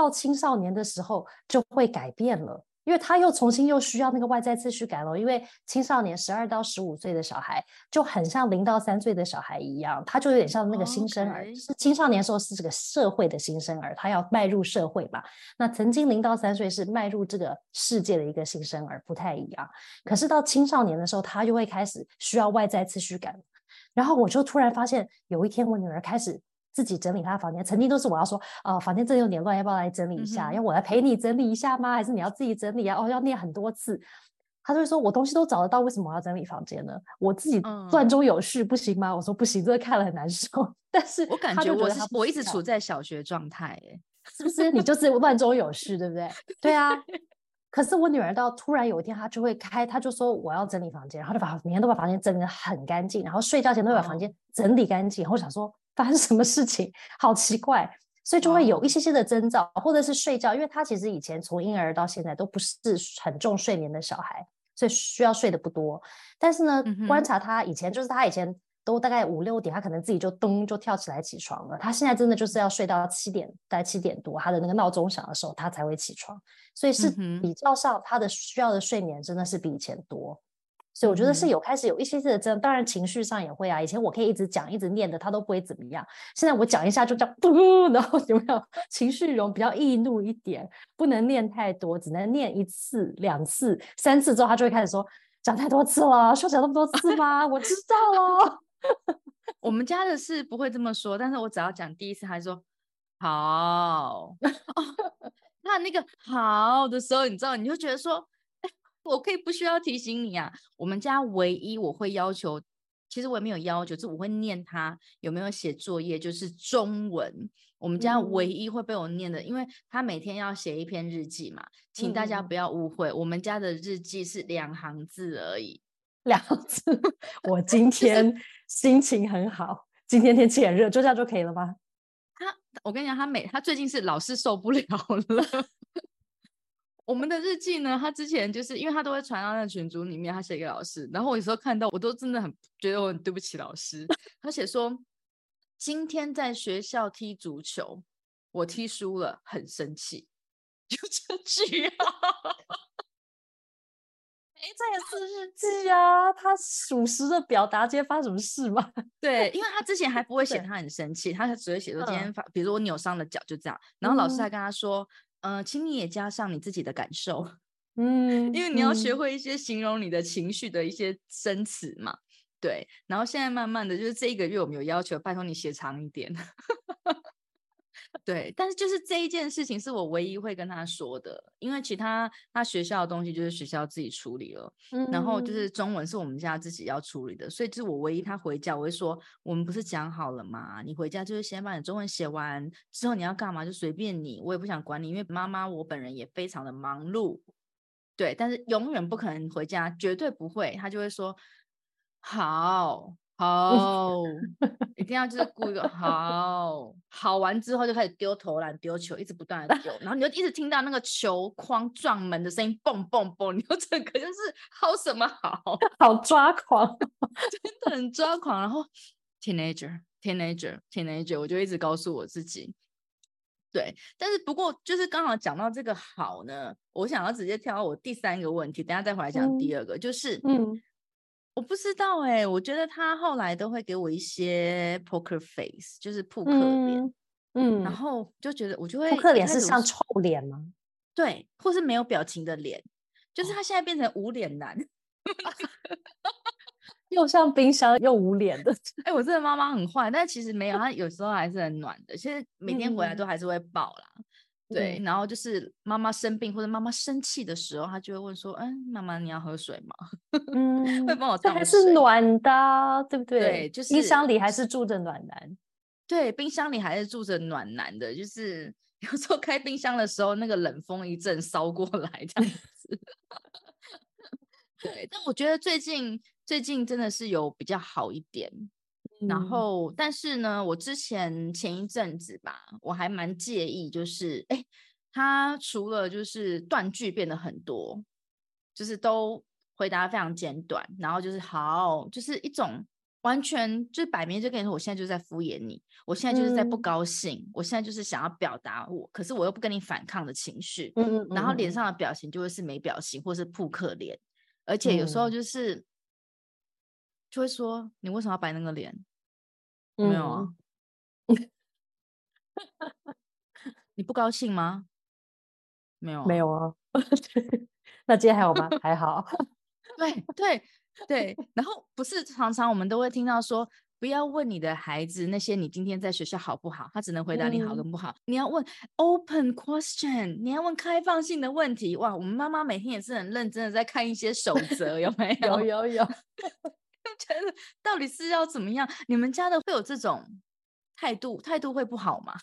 到青少年的時候就會改變了，因為他又重新又需要那個外在秩序感了。因為青少年十二到十五歲的小孩就很像零到三歲的小孩一樣，他就有點像那個新生兒。Okay. 是青少年時候是這個社會的新生兒，他要邁入社會嘛，那曾經零到三歲是邁入這個世界的一個新生兒，不太一樣。可是到青少年的時候，他就會開始需要外在秩序感。然後我就突然發現，有一天我女兒開始。自己整理他的房間，曾經都是我要說，哦，房間真的有點亂，要不要來整理一下，嗯？要我來陪你整理一下嗎？還是你要自己整理啊？哦，要念很多次，他就會說，我東西都找得到，為什麼我要整理房間呢？我自己亂中有序，嗯，不行嗎？我說不行，這個看了很難受。但是我感覺我我一直處在小學狀態， [LAUGHS] 是不是？你就是亂中有序，對不對？對啊。可是我女兒到突然有一天，她就會開，她就說我要整理房間，然後就把每天都把房間整理得很乾淨，然後睡覺前都會把房間整理乾淨。我，嗯，想說。發生什麼事情？好奇怪，所以就會有一些些的徵兆，oh. 或者是睡覺，因為他其實以前從嬰兒到現在都不是很重睡眠的小孩，所以需要睡的不多。但是呢，mm -hmm. 觀察他以前，就是他以前都大概五六點，他可能自己就咚就跳起來起床了。他現在真的就是要睡到七點，大概七點多，他的那個鬧鐘響的時候，他才會起床。所以是比較上，他的需要的睡眠真的是比以前多。所以我覺得是有開始有一些些的這樣、嗯，當然情緒上也會啊。以前我可以一直講一直念的，他都不會怎麼樣。現在我講一下就這樣嘟、呃，然後有沒有情緒容比較易怒一點，不能念太多，只能念一次、兩次、三次之後，他就會開始說，講太多次了，說講那麼多次吧。 [LAUGHS] 」我知道了。 [LAUGHS] [LAUGHS] 我們家的是不會這麼說，但是我只要講第一次，他就說好、 [LAUGHS] 哦。那那個好的時候，你知道，你就覺得說。我可以不需要提醒你啊！我們家唯一我會要求，其實我也沒有要求，是我會念他有沒有寫作業，就是中文。我們家唯一會被我念的，嗯、因為他每天要寫一篇日記嘛。請大家不要誤會，嗯、我們家的日記是兩行字而已，兩行字。我今天心情很好、就是，今天天氣很熱，就這樣就可以了吧？他，我跟你講，他每他最近是老是受不了了。我們的日記呢？他之前就是，因為他都會傳到那群組裡面，他寫給老師。然後我有時候看到，我都真的很覺得我很對不起老師。 [LAUGHS] 他寫說：“今天在學校踢足球，我踢輸了，很生氣。”有這句啊？哎，這也是日記啊，啊！他屬實的表達今天發生什麼事嗎？ [LAUGHS] 對，因為他之前還不會寫，他很生氣，他只會寫說今天發、嗯，比如說我扭傷了腳，就這樣。然後老師還跟他說。嗯呃，請你也加上你自己的感受，嗯，因為你要學會一些形容你的情緒的一些生詞嘛。對，然後現在慢慢的，就是這一個月我們有要求，拜託你寫長一點。 [LAUGHS] 對，但是就是這一件事情是我唯一會跟他說的，因為其他他學校的東西就是學校自己處理了，嗯、然後就是中文是我們家自己要處理的，所以就是我唯一他回家我會說，我們不是講好了嘛，你回家就是先把你中文寫完，之後你要幹嘛就隨便你，我也不想管你，因為媽媽我本人也非常的忙碌，對，但是永遠不可能回家，絕對不會，他就會說好。好， [LAUGHS] 一定要就是顧一個好，好完之後就開始丟投籃、丟球，一直不斷的丟， [LAUGHS] 然後你就一直聽到那個球框撞門的聲音，嘣嘣嘣，你就整個就是好什麼好，好抓狂，真的很抓狂。然後 teenager，teenager，teenager， [LAUGHS] Teenager, Teenager, 我就一直告訴我自己，對，但是不過就是剛好講到這個好呢，我想要直接跳到我第三個問題，等下再回來講第二個，嗯、就是嗯。我不知道哎、欸，我覺得他後來都會給我一些 poker face，就是撲克臉、嗯，嗯，然後就覺得我就會。撲克臉是像臭臉嗎？對，或是沒有表情的臉，就是他現在變成無臉男，哦、 [LAUGHS] [LAUGHS] 又像冰箱又無臉的。哎、 [LAUGHS] 欸，我真的媽媽很壞，但其實沒有，他有時候還是很暖的。其實每天回來都還是會抱啦。嗯嗯對、嗯，然後就是媽媽生病或者媽媽生氣的時候，他就會問說：“嗯、欸，媽媽，你要喝水嗎？”嗯，會幫我倒水。這還是暖的、啊，對不對？對，就是冰箱裡還是住着暖男。對，冰箱裡還是住着暖男的，就是有時候開冰箱的時候，那個冷風一陣燒過來，這樣子。嗯、 [LAUGHS] 對，但我覺得最近最近真的是有比較好一點。然後，但是呢，我之前前一陣子吧，我還蠻介意，就是，哎，他除了就是斷句變得很多，就是都回答非常簡短，然後就是好，就是一種完全就是擺明就跟你說，我現在就是在敷衍你，我現在就是在不高興、嗯，我現在就是想要表達我，可是我又不跟你反抗的情緒，嗯，嗯，然後臉上的表情就會是沒表情或是撲克臉，而且有時候就是、嗯、就會說，你為什麼要擺那個臉？嗯、沒有啊， [LAUGHS] 你不高興嗎？沒有、啊，沒有啊。 [LAUGHS] 那今天還好嗎？ [LAUGHS] 還好。對對對，然後不是常常我們都會聽到說，不要問你的孩子那些你今天在學校好不好，他只能回答你好跟不好。嗯、你要問 open question，你要問開放性的問題。哇，我們媽媽每天也是很認真的在看一些守則，有沒有？有有有。 [LAUGHS] 覺 [LAUGHS] 得到底是要怎麼樣？你們家的會有這種態度？態度會不好嗎？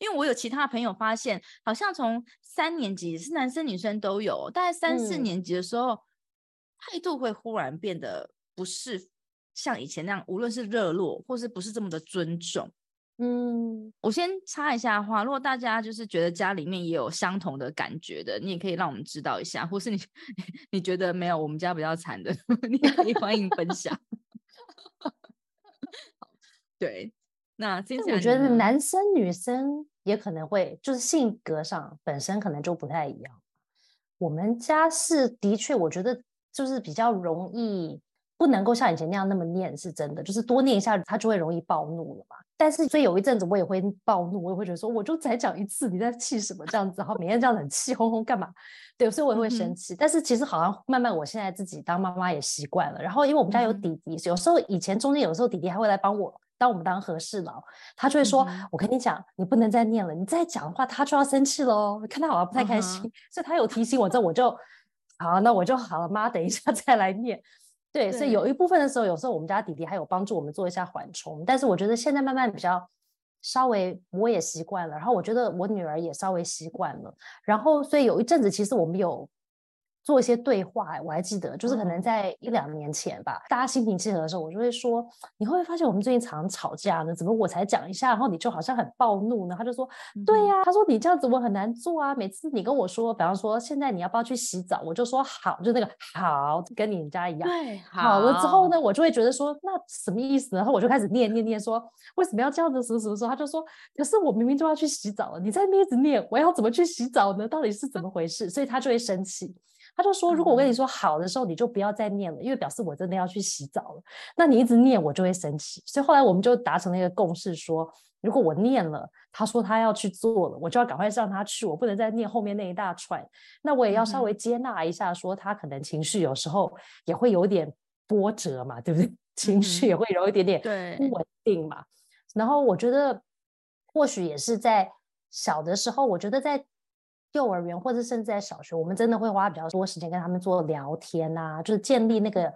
因為我有其他朋友發現，好像從三年級是男生女生都有，大概三四年級的時候，嗯、態度會忽然變得不是像以前那樣，無論是熱絡或是不是這麼的尊重。嗯，我先插一下話，如果大家就是覺得家裡面也有相同的感覺的，你也可以讓我們知道一下，或是你你覺得沒有，我們家比較慘的， [LAUGHS] 你也可以歡迎分享。 [LAUGHS] [LAUGHS] 對，那其實我覺得男生女生也可能會就是性格上本身可能就不太一樣。我們家是的確，我覺得就是比較容易。不能夠像以前那樣那麼念，是真的，就是多念一下，他就會容易暴怒了嘛。但是所以有一陣子我也會暴怒，我也會覺得說，我就再講一次，你在氣什麼這樣子？ [LAUGHS] 然後每天這樣冷氣哄哄幹嘛？對，所以我也會生氣、嗯。但是其實好像慢慢，我現在自己當媽媽也習慣了。然後因為我們家有弟弟，嗯、有時候以前中間有時候弟弟還會來幫我，當我們當和事佬，他就會說、嗯：“我跟你講，你不能再念了，你再講的話他就要生氣嘍。”看他好像不太開心，嗯、所以他有提醒我，這我就 [LAUGHS] 好，那我就好了，媽，等一下再來念。對，所以有一部分的時候，有時候我們家弟弟還有幫助我們做一下緩衝，但是我覺得現在慢慢比較稍微我也習慣了，然後我覺得我女兒也稍微習慣了，然後所以有一陣子其實我們有做一些對話，我還記得，就是可能在一兩年前吧，嗯、大家心平氣和的時候，我就會說，你會不會發現我們最近常常吵架呢？怎麼我才講一下，然後你就好像很暴怒呢？他就說，嗯、對呀、啊，他說你這樣子我很難做啊。每次你跟我說，比方說現在你要不要去洗澡，我就說好，就那個好，跟你們家一樣好。好了之後呢，我就會覺得說那什麼意思呢？然後我就開始念念念說為什麼要這樣子？什麼什麼時候，他就說，可是我明明就要去洗澡了，你在那一直念，我要怎麼去洗澡呢？到底是怎麼回事？所以他就會生氣。他就說，如果我跟你說好的時候，你就不要再念了，因為表示我真的要去洗澡了。那你一直念，我就會生氣。所以後來我們就達成了一個共識，說如果我念了，他說他要去做了，我就要趕快讓他去，我不能再念後面那一大串。那我也要稍微接納一下，說他可能情緒有時候也會有點波折嘛，對不對？情緒也會有一點點不穩定嘛。然後我覺得，或許也是在小的時候，我覺得在。幼兒園或者甚至在小學，我們真的會花比較多時間跟他們做聊天啊，就是建立那個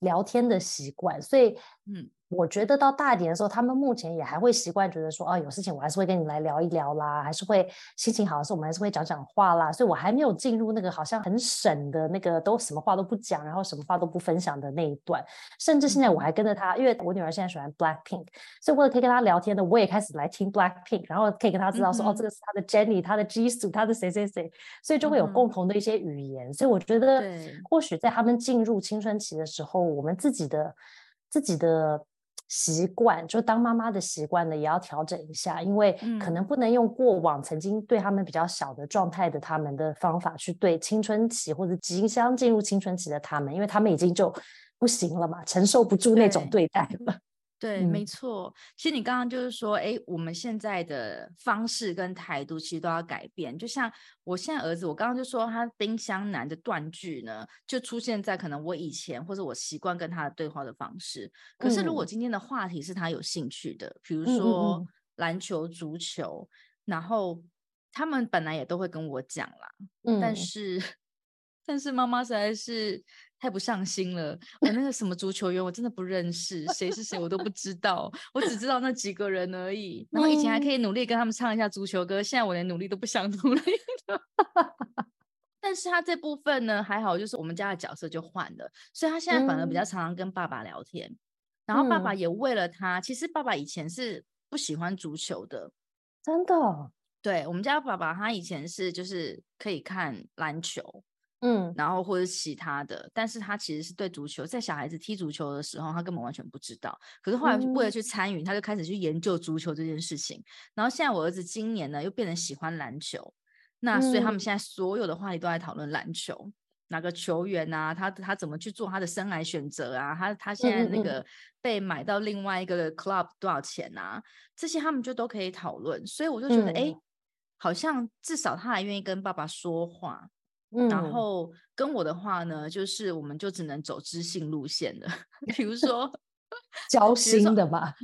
聊天的習慣。所以，嗯。我覺得到大一點的時候，他們目前也還會習慣覺得說，哦，有事情我還是會跟你來聊一聊啦，還是會心情好的時候，是我們還是會講講話啦。所以我還沒有進入那個好像很省的那個，都什麼話都不講，然後什麼話都不分享的那一段。甚至現在我還跟着他，嗯、因為我女兒現在喜歡 BLACKPINK，所以為了可以跟他聊天的，我也開始來聽 BLACKPINK，然後可以跟他知道說，嗯、哦，這個是他的 Jennie，他的 Jisoo 他的誰誰誰誰，所以就會有共同的一些語言。嗯、所以我覺得，或許在他們進入青春期的時候，我們自己的自己的。習慣，就當媽媽的習慣呢，也要調整一下，因為可能不能用過往曾經對他們比較小的狀態的他們的方法去對青春期或者即將進入青春期的他們，因為他們已經就不行了嘛，承受不住那種對待了。對、嗯，沒錯。其實你剛剛就是說，哎，我們現在的方式跟態度其實都要改變。就像我現在兒子，我剛剛就說他冰箱男的斷句呢，就出現在可能我以前或者我習慣跟他的對話的方式。可是如果今天的話題是他有興趣的，嗯、比如說籃球嗯嗯、足球，然後他們本來也都會跟我講啦。嗯、但是，但是媽媽實在是。太不上心了，我、哦、那個什麼足球員，我真的不認識誰 [LAUGHS] 是誰，我都不知道，我只知道那幾個人而已。那麼以前還可以努力跟他們唱一下足球歌，現在我連努力都不想努力。 [LAUGHS] 但是他這部分呢，還好，就是我們家的角色就換了，所以他現在反而比較常常跟爸爸聊天、嗯，然後爸爸也為了他，其實爸爸以前是不喜歡足球的，真的。對，我們家爸爸他以前是就是可以看籃球。嗯，然後或者其他的、嗯，但是他其實是對足球，在小孩子踢足球的時候，他根本完全不知道。可是後來為了去參與、嗯，他就開始去研究足球這件事情。然後現在我兒子今年呢，又變成喜歡籃球，那所以他們現在所有的話題都在討論籃球，嗯、哪個球員啊，他他怎麼去做他的生涯選擇啊，他他現在那個被買到另外一個 club 多少錢啊，這些他們就都可以討論。所以我就覺得，哎、嗯，好像至少他還願意跟爸爸說話。嗯、然後跟我的話呢，就是我們就只能走知性路線了，比如說 [LAUGHS] 交心的吧，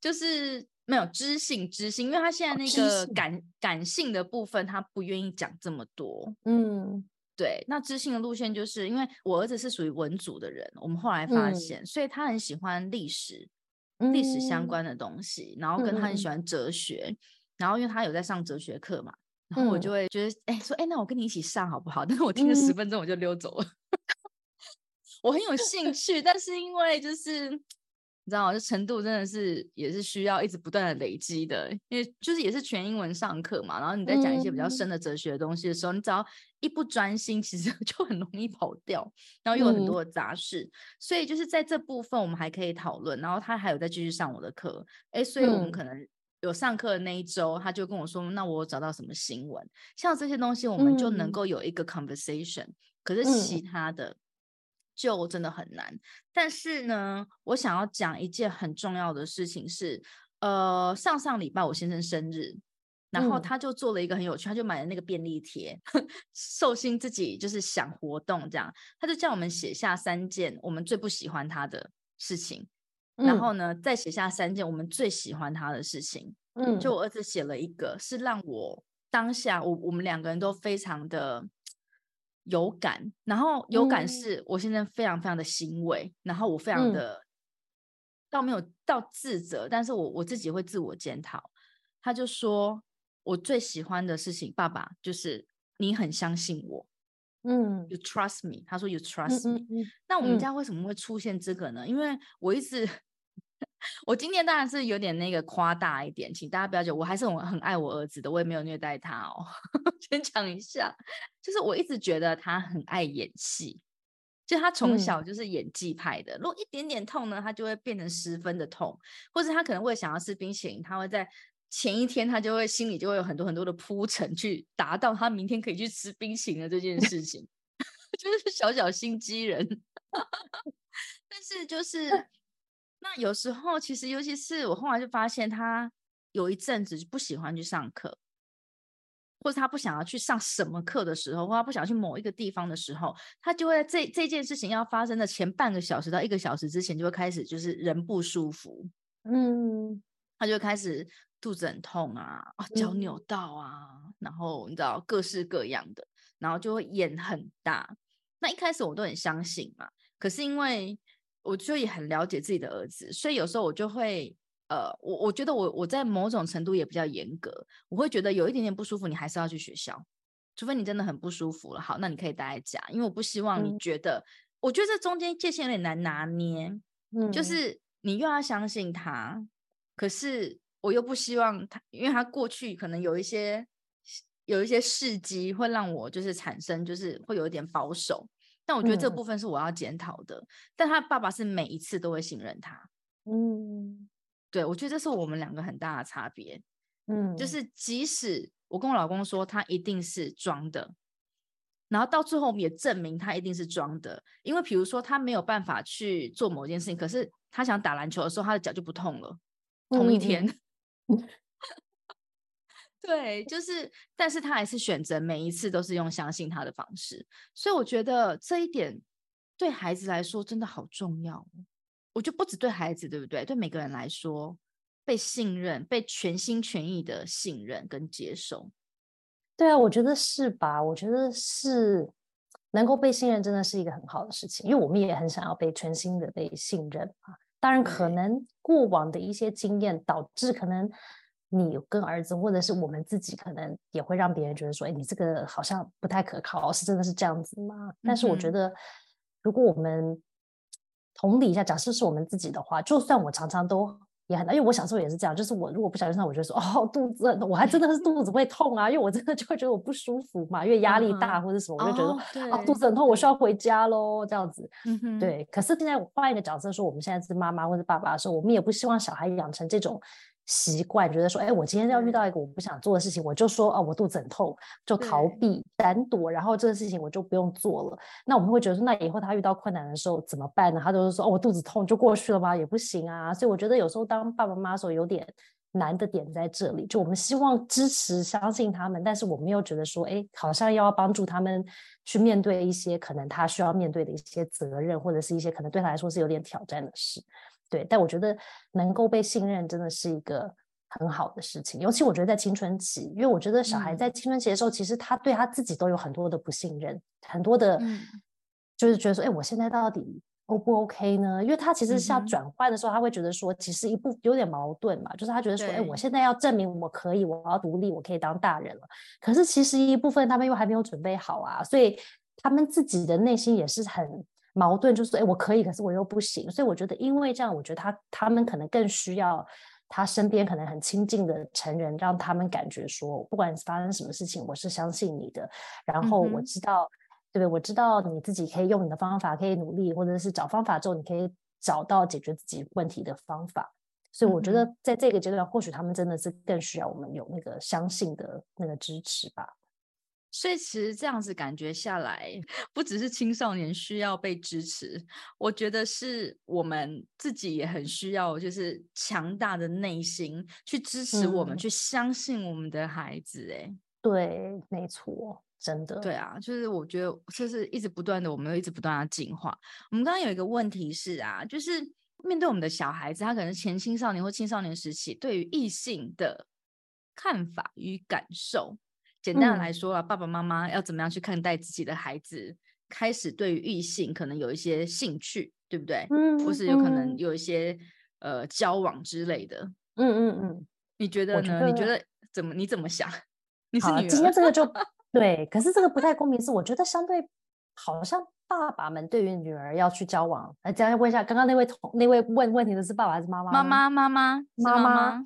就是沒有知性知性，因為他現在那個感性感性的部分，他不願意講這麼多。嗯，對，那知性的路線就是因為我兒子是屬於文組的人，我們後來發現，嗯、所以他很喜歡歷史，嗯，歷史相關的東西，然後跟他很喜歡哲學，嗯、然後因為他有在上哲學課嘛。然後我就會覺得，哎、嗯欸，說，哎、欸，那我跟你一起上好不好？但是我聽了十分鐘我就溜走了。嗯、 [LAUGHS] 我很有興趣，但是因為就是你知道就程度真的是也是需要一直不斷的累積的。因為就是也是全英文上課嘛，然後你在講一些比較深的哲學的東西的時候、嗯，你只要一不專心，其實就很容易跑掉。然後又有很多的雜事，嗯、所以就是在這部分我們還可以討論。然後他還有再繼續上我的課，哎、欸，所以我們可能、嗯。有上課的那一週，他就跟我說：“那我找到什麼新聞？像這些東西，我們就能夠有一個 conversation、嗯。可是其他的就真的很難。嗯、但是呢，我想要講一件很重要的事情是：呃，上上禮拜我先生生日、嗯，然後他就做了一個很有趣，他就買了那個便利貼，呵，壽星自己就是想活動這樣，他就叫我們寫下三件我們最不喜歡他的事情。”然後呢、嗯，再寫下三件我們最喜歡他的事情。嗯、就我兒子寫了一個，是讓我當下我我們兩個人都非常的有感，然後有感是我現在非常非常的欣慰，嗯、然後我非常的，倒、嗯、沒有到自責，但是我我自己會自我檢討。他就說，我最喜歡的事情，爸爸就是你很相信我。嗯，You trust me，他說 You trust me，嗯嗯嗯。那我們家為什麼會出現這個呢、嗯？因為我一直，我今天當然是有點那個誇大一點，請大家不要覺得我還是很很愛我兒子的，我也沒有虐待他哦。先 [LAUGHS] 講一下，就是我一直覺得他很愛演戲，就他從小就是演技派的、嗯。如果一點點痛呢，他就會變成十分的痛，或者他可能會想要吃冰淇淋，他會在。前一天，他就會心裡就會有很多很多的鋪陳，去達到他明天可以去吃冰淇淋的這件事情 [LAUGHS] [LAUGHS] 就是小小心機人。 [LAUGHS] [LAUGHS] 但是就是 [LAUGHS] 那有時候，其實尤其是我後來就發現，他有一陣子就不喜歡去上課，或是他不想要去上什麼課的時候，或他不想去某一個地方的時候，他就會在這這件事情要發生的前半個小時到一個小時之前，就會開始就是人不舒服，嗯，他就開始。肚子很痛啊，啊、哦，腳扭到啊，嗯、然後你知道各式各樣的，然後就會演很大。那一開始我都很相信嘛，可是因為我就也很了解自己的兒子，所以有時候我就會，呃，我我覺得我我在某種程度也比較嚴格，我會覺得有一點點不舒服，你還是要去學校，除非你真的很不舒服了，好，那你可以待在家，因為我不希望你覺得，嗯、我覺得這中間界限有點難拿捏，嗯，就是你又要相信他，可是。我又不希望他，因為他過去可能有一些有一些事蹟會讓我就是產生就是會有一點保守，但我覺得這部分是我要檢討的，嗯。但他的爸爸是每一次都會信任他，嗯，對，我覺得這是我們兩個很大的差別，嗯，就是即使我跟我老公說他一定是裝的，然後到最後我們也證明他一定是裝的，因為比如說他沒有辦法去做某件事情，可是他想打籃球的時候，他的腳就不痛了，同一天。嗯嗯 [LAUGHS] 對，就是，但是他還是選擇每一次都是用相信他的方式，所以我覺得這一點對孩子來說真的好重要哦。我就不止對孩子，對不對？對每個人來說，被信任、被全心全意的信任跟接受，對啊，我覺得是吧？我覺得是能夠被信任，真的是一個很好的事情，因為我們也很想要被全心的被信任。當然，可能過往的一些經驗導致，可能你跟兒子，或者是我們自己，可能也會讓別人覺得說：“哎，你這個好像不太可靠。”是真的是這樣子嗎？但是我覺得，如果我們同理一下，假設是我們自己的話，就算我常常都。因為我小時候也是這樣，就是我如果不小心，那我就說哦，肚子很，我還真的是肚子會痛啊， [LAUGHS] 因為我真的就會覺得我不舒服嘛，因為壓力大或者什麼，uh -huh. 我就覺得啊、oh, 哦、肚子很痛，我需要回家嘍，這樣子。對，可是現在我換一個角色說，我們現在是媽媽或者爸爸的時候，我們也不希望小孩養成這種。習慣覺得說，哎、欸，我今天要遇到一個我不想做的事情，嗯、我就說啊、哦，我肚子很痛，就逃避、閃躲，然後這個事情我就不用做了。那我們會覺得說，那以後他遇到困難的時候怎麼辦呢？他就是說，哦，我肚子痛就過去了嗎？也不行啊。所以我覺得有時候當爸爸媽媽的時候有點難的點在這裡，就我們希望支持、相信他們，但是我們又覺得說，哎、欸，好像要幫助他們去面對一些可能他需要面對的一些責任，或者是一些可能對他來說是有點挑戰的事。對，但我覺得能夠被信任真的是一個很好的事情，尤其我覺得在青春期，因為我覺得小孩在青春期的時候，嗯、其實他對他自己都有很多的不信任，很多的，就是覺得說，哎、嗯欸，我現在到底 O 不 OK 呢？因為他其實下轉換的時候、嗯，他會覺得說，其實一部分有點矛盾嘛，就是他覺得說，哎、欸，我現在要證明我可以，我要獨立，我可以當大人了。可是其實一部分他們又還沒有準備好啊，所以他們自己的內心也是很。矛盾就是，哎、欸，我可以，可是我又不行。所以我覺得，因為這樣，我覺得他他們可能更需要他身邊可能很親近的成人，讓他們感覺說，不管發生什麼事情，我是相信你的。然後我知道，對、嗯、不對？我知道你自己可以用你的方法，可以努力，或者是找方法之後，你可以找到解決自己問題的方法。所以我覺得，在這個階段、嗯，或許他們真的是更需要我們有那個相信的那個支持吧。所以其實這樣子感覺下來，不只是青少年需要被支持，我覺得是我們自己也很需要，就是強大的內心去支持我們，嗯、去相信我們的孩子、欸。哎，對，沒錯，真的，對啊，就是我覺得就是一直不斷的，我們要一直不斷的進化。我們剛剛有一個問題是啊，就是面對我們的小孩子，他可能前青少年或青少年時期對於異性的看法與感受。簡單的來說了、啊嗯，爸爸媽媽要怎麼樣去看待自己的孩子、嗯、開始對於異性可能有一些興趣，對不對？嗯，或、嗯、是有可能有一些、嗯、呃交往之類的。嗯嗯嗯，你覺得呢？我覺得？你覺得怎麼？你怎麼想？你是女兒，好，今天這個就 [LAUGHS] 對，可是這個不太公平。是我覺得相對好像爸爸們對於女兒要去交往，來再問一下，剛剛那位同那位問問題的是爸爸還是媽媽？媽媽，媽媽，媽媽。媽媽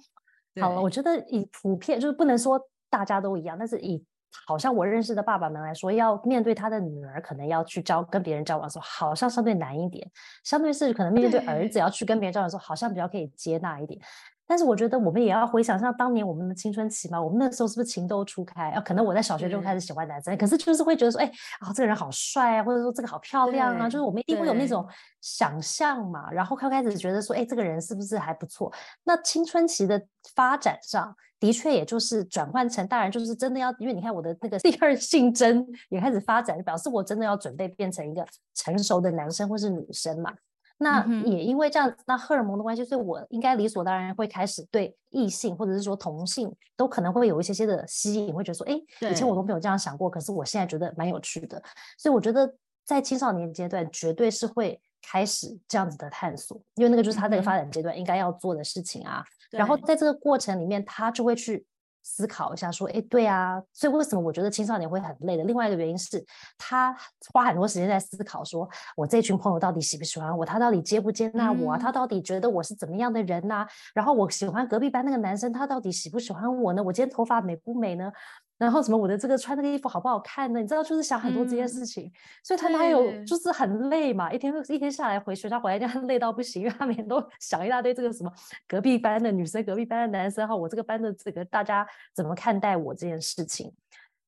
好了，我覺得以普遍就是不能說。大家都一樣，但是以好像我認識的爸爸們來說，要面對他的女兒，可能要去交跟別人交往的時候，好像相對難一點，相對是可能面對兒子要去跟別人交往的時候，好像比較可以接納一點。但是我覺得我們也要回想像當年我們的青春期嘛，我們那時候是不是情竇初開？啊，可能我在小學就開始喜歡男生、嗯，可是就是會覺得說，哎啊、哦，這個人好帥啊，或者說這個好漂亮啊，就是我們一定會有那種想象嘛。然後開開始覺得說，哎，這個人是不是還不錯？那青春期的發展上的確也就是轉換成大人，就是真的要，因為你看我的那個第二性徵也開始發展，表示我真的要準備變成一個成熟的男生或是女生嘛。 [NOISE] 那也因為這樣，那荷爾蒙的關係，所以我應該理所當然會開始對異性或者是說同性都可能會有一些些的吸引，會覺得說，哎，以前我都沒有這樣想過，可是我現在覺得蠻有趣的。所以我覺得在青少年階段絕對是會開始這樣子的探索，因為那個就是他這個發展階段應該要做的事情啊。然後在這個過程裡面，他就會去。思考一下，說，哎，對啊，所以為什麼我覺得青少年會很累的？另外一個原因是，他花很多時間在思考說，說我這群朋友到底喜不喜歡我，他到底接不接納我啊，他到底覺得我是怎麼樣的人吶、啊嗯。然後我喜歡隔壁班那個男生，他到底喜不喜歡我呢？我今天頭髮美不美呢？然後什麼我的這個穿這個衣服好不好看呢？你知道就是想很多這件事情，嗯，所以他們還有就是很累嘛，一天一天下來回學校回來就很累到不行，因為他們都想一大堆這個什麼隔壁班的女生、隔壁班的男生哈，然後我這個班的這個大家怎麼看待我這件事情？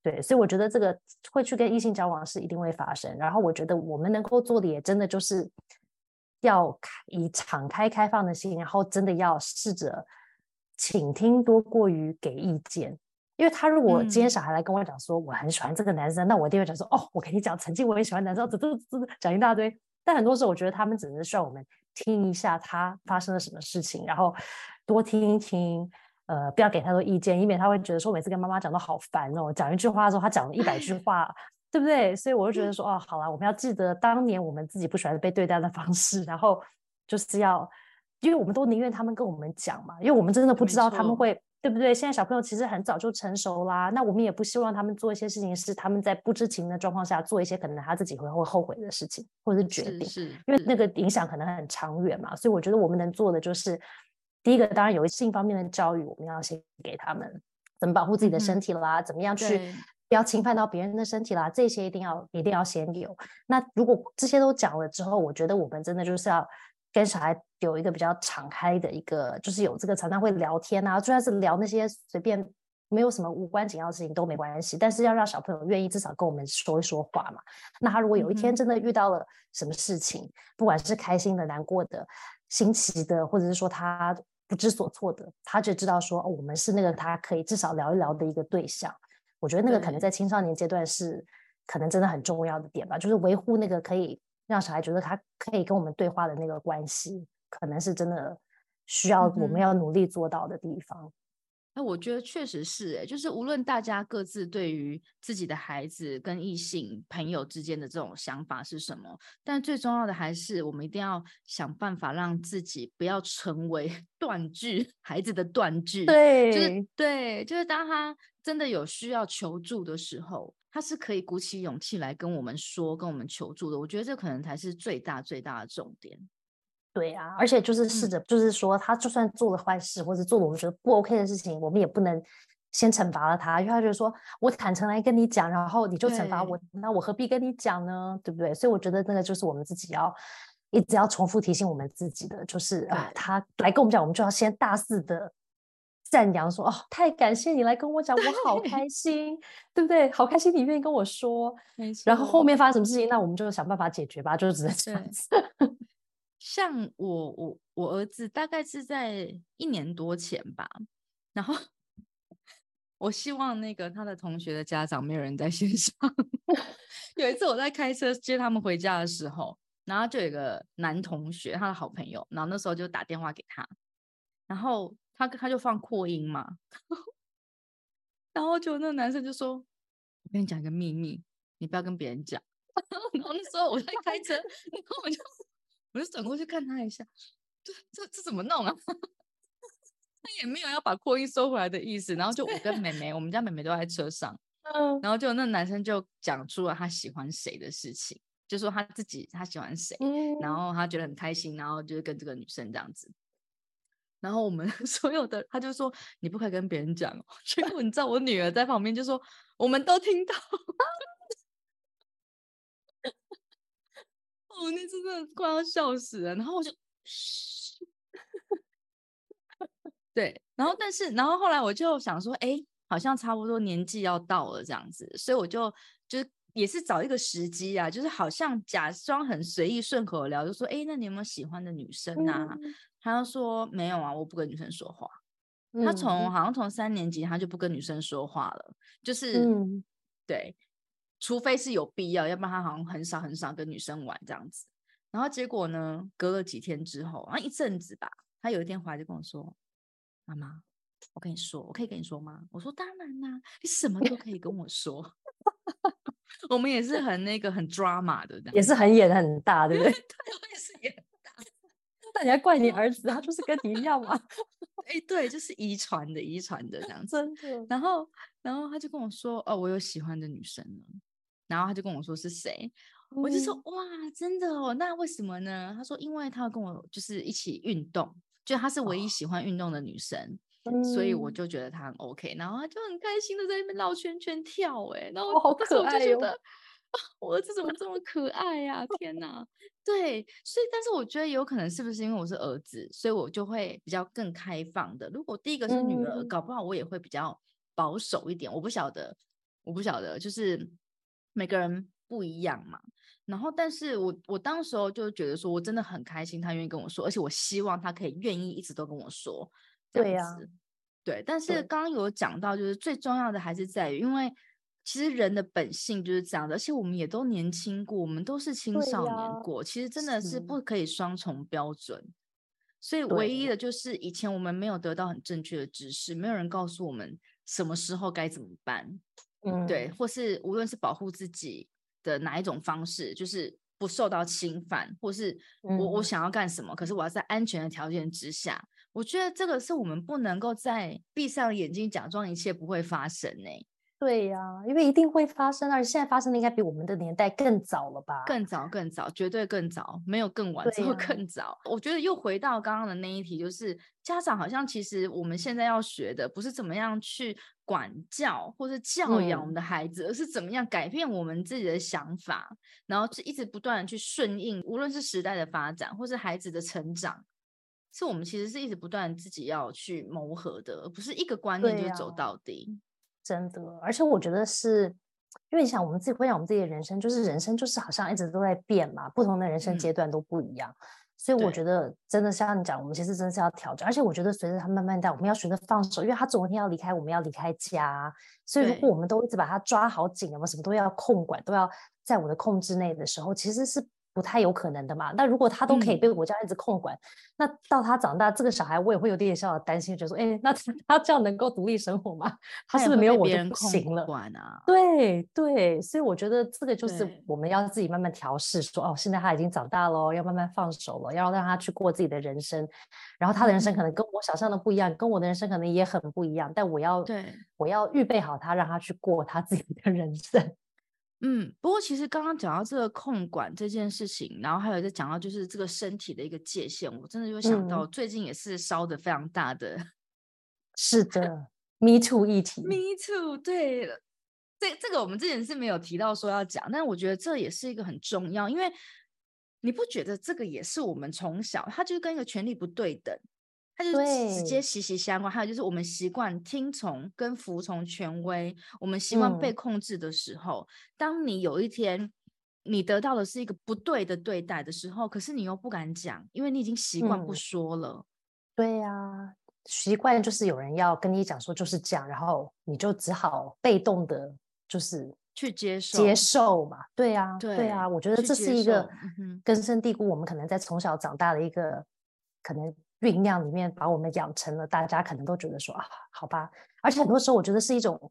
對，所以我覺得這個會去跟異性交往是一定會發生。然後我覺得我們能夠做的也真的就是要以敞開開放的心，然後真的要試着傾聽多過於給意見。因為他如果今天小孩來跟我講說我很喜歡這個男生，嗯、那我一定會講說哦，我跟你講，曾經我也喜歡男生，嘚嘚嘚嘚嘚講一大堆。但很多時候我覺得他們只是需要我們聽一下他發生了什麼事情，然後多聽一聽，呃，不要給太多意見，以免他會覺得說每次跟媽媽講都好煩哦，講一句話的時候他講了一百句話， [LAUGHS] 對不對？所以我就覺得說、嗯、哦，好了，我們要記得當年我們自己不喜歡被對待的方式，然後就是要，因為我們都寧願他們跟我們講嘛，因為我們真的不知道他們會。對不對？現在小朋友其實很早就成熟啦，那我們也不希望他們做一些事情，是他們在不知情的狀況下做一些可能他自己會會後悔的事情，或者是決定是是是，因為那個影響可能很長遠嘛。所以我覺得我們能做的就是，第一個當然，有性方面的教育，我們要先給他們怎麼保護自己的身體啦、嗯，怎麼樣去不要侵犯到別人的身體啦，這些一定要一定要先有。那如果這些都講了之後，我覺得我們真的就是要跟小孩，有一個比較敞開的一個，就是有這個常常會聊天啊，雖然是聊那些隨便沒有什麼無關緊要的事情都沒關係，但是要讓小朋友願意至少跟我們說一說話嘛。那他如果有一天真的遇到了什麼事情，嗯、不管是開心的、難過的、新奇的，或者是說他不知所措的，他就知道說、哦、我們是那個他可以至少聊一聊的一個對象。我覺得那個可能在青少年階段是可能真的很重要的點吧，就是維護那個可以讓小孩覺得他可以跟我們對話的那個關係。可能是真的需要我們要努力做到的地方。那、嗯、欸、我覺得確實是、欸，哎，就是無論大家各自對於自己的孩子跟異性朋友之間的這種想法是什麼，但最重要的還是我們一定要想辦法讓自己不要成為斷句孩子的斷句。對，就是對，就是當他真的有需要求助的時候，他是可以鼓起勇氣來跟我們說、跟我們求助的。我覺得這可能才是最大最大的重點。對啊，而且就是試着，嗯、就是說他就算做了壞事或者做了我們覺得不 OK 的事情，我們也不能先懲罰了他，因為他覺得說，我坦誠來跟你講，然後你就懲罰我，那我何必跟你講呢？對不對？所以我覺得那個就是我們自己要一直要重複提醒我們自己的，就是啊、呃，他來跟我們講，我們就要先大肆的讚揚說，說哦，太感謝你來跟我講，我好開心，對不對？好開心你願意跟我說，沒錯，然後後面發生什麼事情，那我們就想辦法解決吧，就只是只能這樣子。 [LAUGHS] 像我我我兒子大概是在一年多前吧，然後我希望那個他的同學的家長沒有人在線上。 [LAUGHS] 有一次我在開車接他們回家的時候，然後就有一個男同學他的好朋友，然後那時候就打電話給他，然後他他就放擴音嘛，然後，然後就那個男生就說：“ [LAUGHS] 我跟你講一個秘密，你不要跟別人講。 [LAUGHS] ”然後那時候我在開車， [LAUGHS] 然後我就。我就轉過去看他一下，這這這怎麼弄啊？ [LAUGHS] 他也沒有要把擴音收回來的意思。然後就我跟妹妹， [LAUGHS] 我們家妹妹都在車上。Oh. 然後就那男生就講出了他喜歡誰的事情，就說他自己他喜歡誰，oh. 然後他覺得很開心，然後就是跟這個女生這樣子。然後我們所有的，他就說你不可以跟別人講哦。結果你知道，我女兒在旁邊就說我們都聽到。 [LAUGHS] 我那次真的快要笑死了，然後我就，噓。對，然後但是然後後來我就想說，哎、欸，好像差不多年紀要到了這樣子，所以我就就是也是找一個時機啊，就是好像假裝很隨意順口的聊，就說，哎、欸，那你有沒有喜歡的女生啊？嗯、他就說沒有啊，我不跟女生說話。他從、嗯、好像從三年級他就不跟女生說話了，就是、嗯、對。除非是有必要，要不然他好像很少很少跟女生玩這樣子。然後結果呢，隔了幾天之後，啊一陣子吧，他有一天回來就跟我說：“媽媽，我跟你說，我可以跟你說嗎？”我說：“當然啦、啊，你什麼都可以跟我說。 [LAUGHS] ” [LAUGHS] 我們也是很那個很抓馬的，也是很演很大，對不對？我也是演很大，但你還怪你兒子，他就是跟你一樣嗎？哎， [LAUGHS] 欸、對，就是遺傳的，遺傳的這樣子。 [LAUGHS] 然後，然後他就跟我說：“哦，我有喜歡的女生了。”然後他就跟我說是誰，我就說、嗯、哇，真的哦，那為什麼呢？他說因為他要跟我就是一起運動，就他是唯一喜歡運動的女生，哦、所以我就覺得她很 OK。然後他就很開心的在那邊繞圈圈跳，哎，然後我兒子我就覺得、哦好可愛哦哦、我兒子怎麼這麼可愛呀、啊？天哪！ [LAUGHS] 對，所以但是我覺得有可能是不是因為我是兒子，所以我就會比較更開放的。如果第一個是女兒，嗯、搞不好我也會比較保守一點。我不曉得，我不曉得，就是。每個人不一樣嘛，然後但是我我當時候就覺得說我真的很開心，他願意跟我說，而且我希望他可以願意一直都跟我說。這樣子。對呀，啊，對。但是剛剛有講到，就是最重要的還是在於，因為其實人的本性就是這樣的，而且我們也都年輕過，我們都是青少年過，啊，其實真的是不可以雙重標準。所以唯一的就是以前我們沒有得到很正確的知識，沒有人告訴我們什麼時候該怎麼辦。 [NOISE] 對，或是無論是保護自己的哪一種方式，就是不受到侵犯，或是我我想要幹什麼，可是我要在安全的條件之下，我覺得這個是我們不能夠再閉上眼睛假裝一切不會發生呢、欸。對呀、啊，因為一定會發生，而現在發生的應該比我們的年代更早了吧？更早，更早，絕對更早，沒有更晚，只有更早、啊。我覺得又回到剛剛的那一題，就是家長好像其實我們現在要學的，不是怎麼樣去管教或是教養我們的孩子、嗯，而是怎麼樣改變我們自己的想法，然後是一直不斷去順應，無論是時代的發展，或是孩子的成長，是我們其實是一直不斷自己要去磨合的，而不是一個觀念就走到底。真的，而且我覺得是，因為你想，我們自己會想我們自己的人生，就是人生就是好像一直都在變嘛，不同的人生階段都不一樣，嗯，所以我覺得真的像你講，我們其實真的是要挑戰，而且我覺得隨着他慢慢大，我們要學着放手，因為他總有一天要離開，我們要離開家，所以如果我們都一直把他抓好緊，我們什麼都要控管，都要在我的控制內的時候，其實是。不太有可能的嘛。那如果他都可以被我家一直控管，嗯、那到他長大，這個小孩我也會有點小小擔心，就說：哎，那他，他這樣能夠獨立生活嗎？他、啊、他是不是沒有我的不行了？管啊！對對，所以我覺得這個就是我們要自己慢慢調試，說哦，現在他已經長大了，要慢慢放手了，要讓他去過自己的人生。然後他的人生可能跟我想象的不一樣，嗯、跟我的人生可能也很不一樣。但我要對，我要預備好他，讓他去過他自己的人生。嗯，不過其實剛剛講到這個控管這件事情，然後還有在講到就是這個身體的一個界限，我真的就想到最近也是燒的非常大的，嗯、是的，Me too 議題，Me too，對，這這個我們之前是沒有提到說要講，但我覺得這也是一個很重要，因為你不覺得這個也是我們從小，它就是跟一個權力不對等。他就直接息息相關，還有就是我們習慣聽從跟服從權威，我們習慣被控制的時候、嗯，當你有一天你得到的是一個不對的對待的時候，可是你又不敢講，因為你已經習慣不說了。嗯、對呀、啊，習慣就是有人要跟你講說就是講，然後你就只好被動的，就是去接受接受嘛。對呀、啊，對呀、啊，我覺得這是一個根深蒂固，嗯、我們可能在從小長大的一個可能。醞釀裡面把我們養成了，大家可能都覺得說啊，好吧，而且很多時候我覺得是一種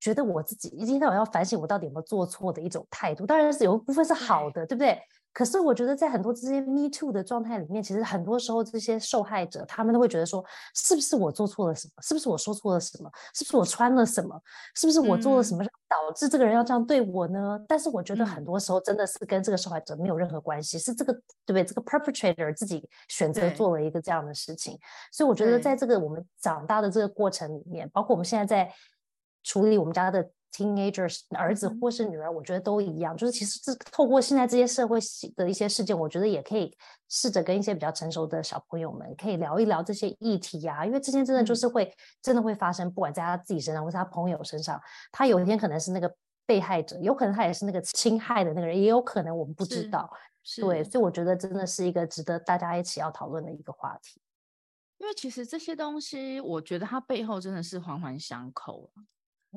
覺得我自己一天到晚要反省我到底有沒有做錯的一種態度，當然是有一部分是好的，對不對？可是我覺得，在很多這些 me too 的狀態裡面，其實很多時候這些受害者，他們都會覺得說，是不是我做錯了什麼？是不是我說錯了什麼？是不是我穿了什麼？是不是我做了什麼，導致這個人要這樣對我呢？嗯，但是我覺得很多時候真的是跟這個受害者沒有任何關係，嗯，是這個，對不對？這個 perpetrator 自己選擇做了一個這樣的事情。所以我覺得，在這個我們長大的這個過程裡面，包括我們現在在處理我們家的。teenagers 兒子或是女兒，嗯，我覺得都一樣。就是其實這透過現在這些社會的一些事件，我覺得也可以試着跟一些比較成熟的小朋友們，可以聊一聊這些議題啊。因為這些真的就是會、嗯、真的會發生，不管在他自己身上，或是他朋友身上，他有一天可能是那個被害者，有可能他也是那個侵害的那個人，也有可能我們不知道。對，所以我覺得真的是一個值得大家一起要討論的一個話題。因為其實這些東西，我覺得它背後真的是環環相扣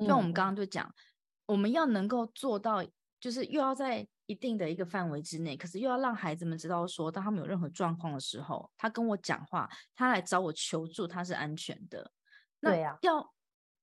像我們剛剛就講，我們要能夠做到，就是又要在一定的一個範圍之內，可是又要讓孩子們知道說，當他們有任何狀況的時候，他跟我講話，他來找我求助，他是安全的。那要，對啊，要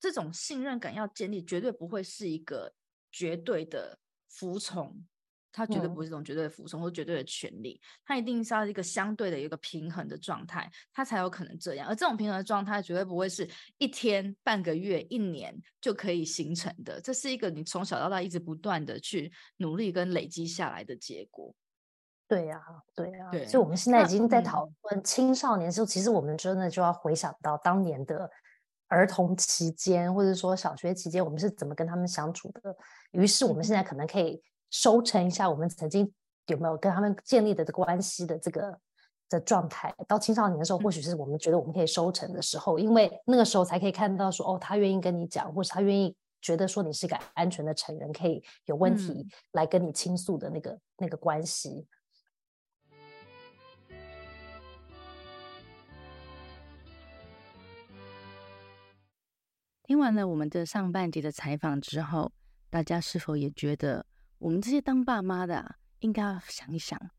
這種信任感要建立，絕對不會是一個絕對的服從。他絕對不是一種絕對的服從或絕對的權利。嗯，他一定是要一個相對的一個平衡的狀態，他才有可能這樣。而這種平衡的狀態絕對不會是一天、半個月、一年就可以形成的，這是一個你從小到大一直不斷的去努力跟累積下來的結果。對呀、啊，對呀、啊，所以我們現在已經在討論青少年的時候，其實我們真的就要回想到當年的兒童期間，或者說小學期間，我們是怎麼跟他們相處的。於是我們現在可能可以。收成一下，我們曾經有沒有跟他們建立的這個關係的這個的狀態，到青少年的時候，或許是我們覺得我們可以收成的時候，因為那個時候才可以看到說，哦，他願意跟你講，或是他願意覺得說你是個安全的成人，可以有問題來跟你傾訴的那個、嗯、那個關係。聽完了我們的上半集的採訪之後，大家是否也覺得？我們這些當爸媽的啊，應該要想一想，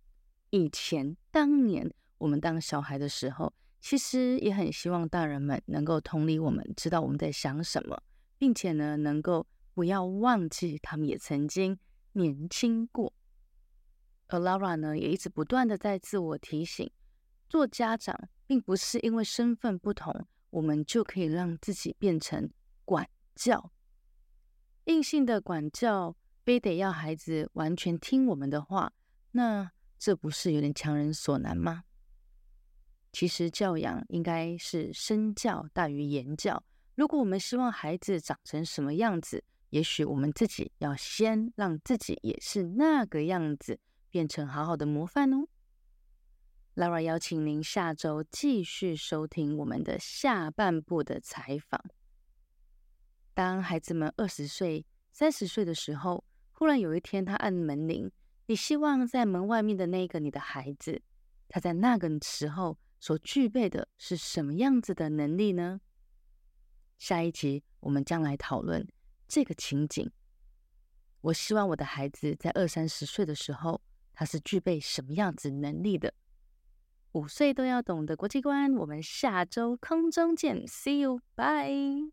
以前當年我們當小孩的時候，其實也很希望大人們能夠同理我們，知道我們在想什麼，並且呢，能夠不要忘記他們也曾經年輕過。而 Laura 呢，也一直不斷地在自我提醒，做家長並不是因為身份不同，我們就可以讓自己變成管教、硬性的管教。非得要孩子完全聽我們的話，那這不是有點強人所難嗎？其實教養應該是身教大於言教。如果我們希望孩子長成什麼樣子，也許我們自己要先讓自己也是那個樣子，變成好好的模範哦。Lara，邀請您下周繼續收聽我們的下半部的採訪。當孩子們二十歲、三十歲的時候。突然有一天，他按門鈴。你希望在門外面的那個你的孩子，他在那個時候所具備的是什麼樣子的能力呢？下一集我們將來討論這個情景。我希望我的孩子在二三十歲的時候，他是具備什麼樣子能力的？五歲都要懂的國際觀。我們下周空中見，See you，bye。